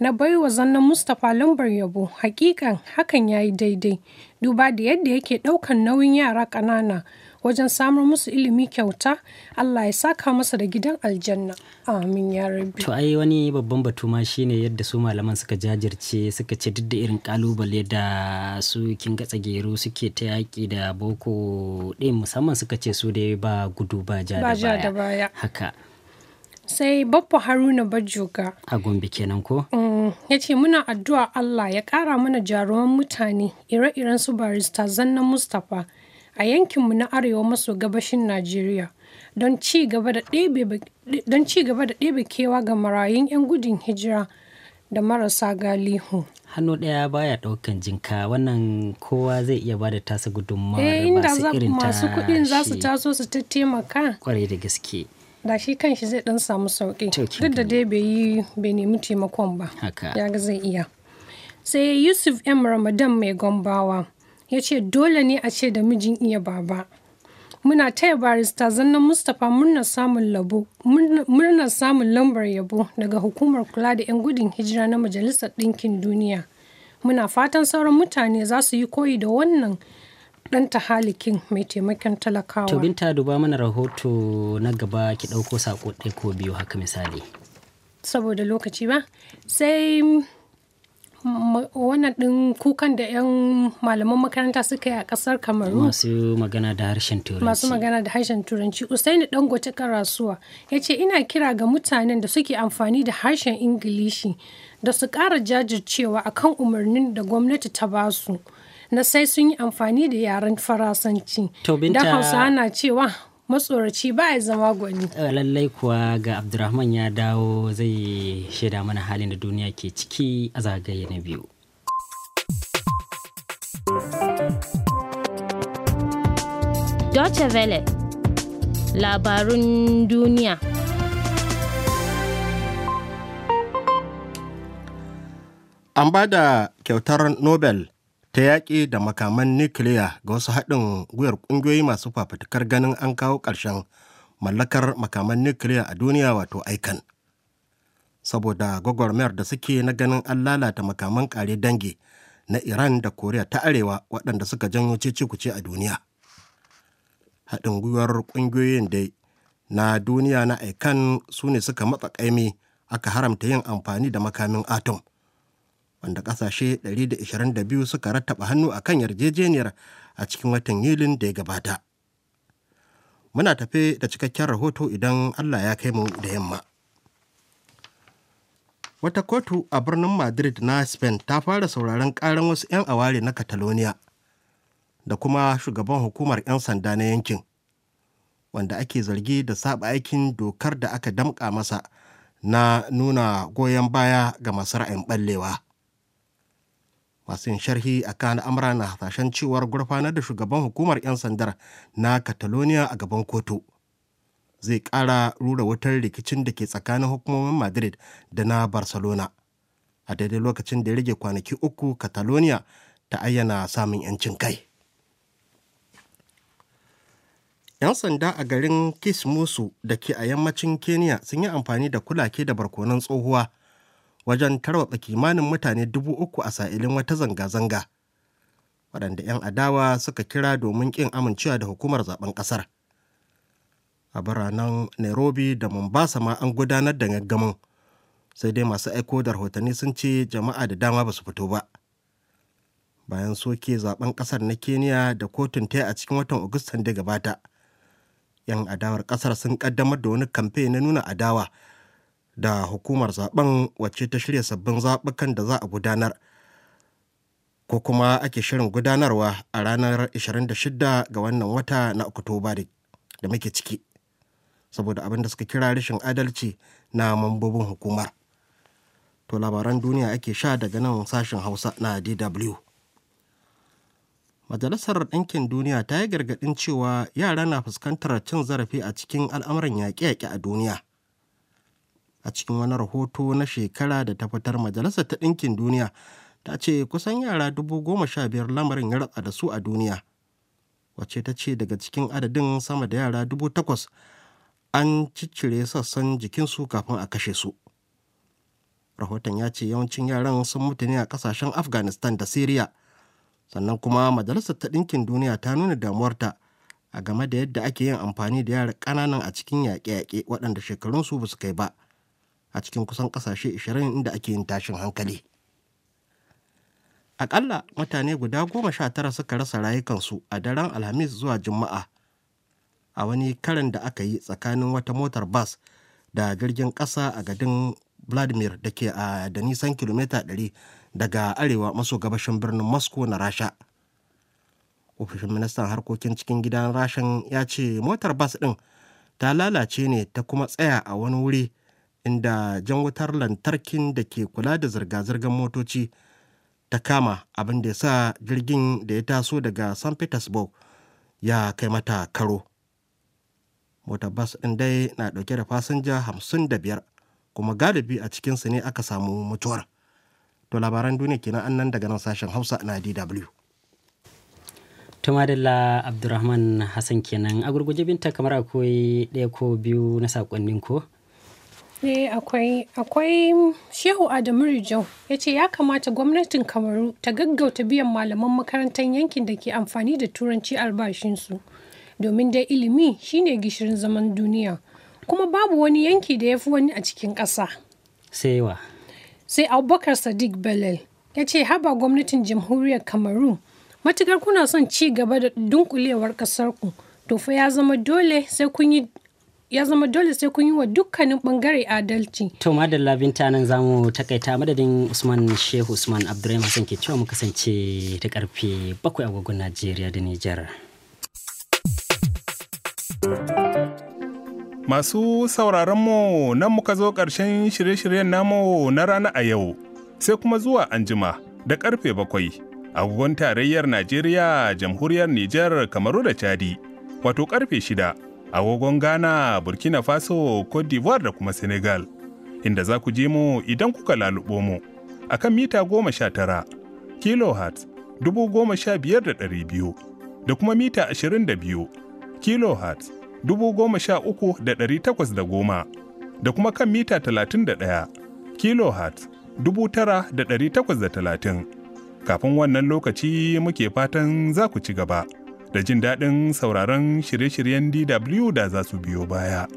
na bai wa zannan Mustapha lambar yabo hakikan hakan ya yi daidai duba da yadda yake ɗaukan nauyin yara ƙanana wajen samar musu ilimi kyauta Allah ya saka masa da gidan aljanna amin ya rabbi to ai wani babban batu ma shine yadda su malaman suka jajirce suka ce duk da irin kalubale da su kin ga tsagero suke ta yaƙi da boko ɗin musamman suka ce su dai ba gudu ba ja da baya haka sai Baffa Haruna Bajoga. A Gombe kenan ko? Mm, ya ce muna addu'a Allah ya kara mana jaruman mutane ire-iren su barista zannan Mustapha a yankinmu na arewa maso gabashin Najeriya. Don ci gaba da ɗebe kewa ga marayun 'yan gudun hijira da marasa galihu. hannu ɗaya baya ɗaukan jinka wannan kowa zai iya ba da tasa gudunmawar eh, masu irin ta masu kuɗin za taso su ta taimaka kwarai da gaske da shi kan shi zai dan samu sauki duk da dai bai yi bai nemi taimakon ba ya ga zai iya sai yusuf m ramadan mai gombawa ya ce dole ne a ce da mijin iya baba muna taya barista zannan mustapha murnar samun lambar yabo daga hukumar kula da 'yan gudun hijira na majalisar ɗinkin duniya muna fatan sauran mutane za su yi koyi da wannan ɗanta halikin mai taimakon talakawa. To binta duba mana rahoto na gaba ki ɗauko sako ɗaya ko biyu haka misali. Saboda lokaci ba sai wannan ɗin kukan da 'yan malaman makaranta suka yi a ƙasar kamaru masu magana da harshen turanci masu magana da harshen turanci usaini dangote karasuwa ya ce ina kira ga mutanen da suke amfani da harshen ingilishi da su ƙara jajircewa akan umarnin da gwamnati ta basu. na sai sun yi amfani da yaren faransanci da hausa ana cewa matsoraci ba ya zama gwani eh, lallai kuwa ga abdurrahman ya dawo zai shaida mana halin da duniya ke ciki a zagaye na biyu Deutsche Welle labarun duniya An ba da kyautar Nobel ta yaƙi da makaman nukiliya ga wasu haɗin gwiwar ƙungiyoyi masu fafutukar ganin an kawo ƙarshen mallakar makaman nukiliya a duniya wato aikan saboda gwagwarmayar da suke na ganin an lalata makaman ƙare dangi na iran da koriya ta arewa waɗanda suka janyo cece-kuce a duniya haɗin gwiwar ƙungiyoyin dai na duniya na aikan su ne suka matsa ƙaimi aka haramta yin amfani da makamin atom wanda ƙasashe 122 suka rattaba hannu a kan yarjejeniyar a cikin watan yulin da ya gabata. Muna tafe da cikakken rahoto idan Allah ya kai mu da yamma. Wata kotu a birnin Madrid na Spain ta fara sauraron ƙaran wasu 'yan aware na Catalonia da kuma shugaban hukumar 'yan sanda na yankin, wanda ake zargi da saba aikin dokar da aka damƙa masa na nuna goyon baya ga masu ra'ayin ɓallewa. masu yin sharhi a kan amra na hasashen cewar gurfanar da shugaban hukumar 'yan sandar na catalonia a gaban kotu zai ƙara rura wutar rikicin da ke tsakanin hukumomin madrid da na barcelona a daidai lokacin da ya rage kwanaki uku catalonia ta ayyana samun 'yancin kai 'yan sanda a garin kismusu da ke a yammacin kenya sun yi amfani da kulake da barkonon tsohuwa wajen tarwatsa kimanin mutane dubu uku a sa'ilin wata zanga-zanga waɗanda 'yan adawa suka kira domin ƙin amincewa da hukumar zaben ƙasar a biranen nairobi da mombasa ma an gudanar da gangamin sai dai masu aiko da rahotanni sun ce jama'a da dama ba su fito ba bayan soke zaben ƙasar na keniya da kotun ta a cikin watan agustan da gabata 'yan adawar ƙasar sun ƙaddamar da wani kamfe na nuna adawa da hukumar zaben wacce ta shirya sabbin zaɓukan da za a gudanar ko kuma ake shirin gudanarwa a ranar 26 ga wannan wata na oktoba da muke ciki saboda abin da suka kira rashin adalci na mambobin hukumar to labaran duniya ake sha daga nan sashen hausa na dw majalisar ɗinkin duniya ta yi gargaɗin cewa yara na fuskantar cin zarafi a cikin al'amuran yaƙe-yaƙe a duniya a cikin wani rahoto na shekara da ta fitar majalisar ta ɗinkin duniya ta ce kusan yara dubu goma sha biyar lamarin ya ratsa da su a duniya wacce ta ce daga cikin adadin sama da yara dubu takwas an ciccire sassan jikinsu kafin a kashe su rahoton ya ce yawancin yaran sun mutu ne a kasashen afghanistan da syria sannan kuma majalisar ta ɗinkin duniya ta nuna damuwarta a game da yadda ake yin amfani da yara ƙananan a cikin yaƙe-yaƙe waɗanda shekarunsu ba su kai ba a cikin kusan kasashe 20 inda ake yin tashin hankali akalla mutane guda goma sha tara suka rasa rayukansu a daren alhamis zuwa juma'a a wani karin da aka yi tsakanin wata motar bas da jirgin ƙasa a gadin vladimir da ke a da nisan kilomita 100 daga arewa maso gabashin birnin moscow na rasha ofishin ministan harkokin cikin gidan rashin ya ce motar bas ɗin ta lalace ne ta kuma tsaya a wani wuri inda jan wutar lantarkin da ke kula da zirga-zirgar motoci ta kama abin da ya sa jirgin da ya taso daga st petersburg ya kai mata karo motar bas ɗin dai na ɗauke da fasinja 55 kuma galibi a cikinsu ne aka samu mutuwar to labaran duniya kenan annan daga nan sashen hausa na dw tumadilla abdurrahman hassan kenan a gurguje binta kamar akwai ɗaya ko biyu na saƙonnin ko Eh akwai akwai Shehu Adamu Rijau ya ce ya kamata gwamnatin Kamaru ta gaggauta biyan malaman makarantar yankin da ke amfani da turanci albashinsu domin dai ilimi shine gishirin zaman duniya kuma babu wani yanki da ya fi wani a cikin ƙasa. Sai wa. Sai Abubakar Sadiq Belal ya ce haba gwamnatin jamhuriyar Kamaru matukar kuna son ci gaba da dunkulewar ƙasarku to fa ya zama dole sai kun yi ya zama dole sai kun yi wa dukkanin bangare adalci. To madalla binta nan za mu takaita madadin Usman Shehu Usman Abdurrahim Hassan ke cewa mu kasance ta karfe bakwai agogon Najeriya da Nijar. Masu sauraron mu nan muka zo ƙarshen shirye-shiryen namu na rana a yau sai kuma zuwa anjima da karfe bakwai agogon tarayyar Najeriya, jamhuriyar Nijar, Kamaru da Chadi, wato karfe shida. agogon Ghana, Burkina Faso, Cote d'Ivoire da kuma Senegal, inda za ku je mu idan kuka lalubo mu a kan mita goma sha tara, kilohertz dubu goma sha biyar da ɗari biyu, da kuma mita ashirin da biyu, kilohertz dubu goma sha uku da ɗari takwas da goma, da kuma kan mita talatin da ɗaya, kilohertz dubu tara da ɗari takwas da talatin. Kafin wannan lokaci muke fatan za ku ci gaba. da jin daɗin sauraron shirye-shiryen DW da za su biyo baya.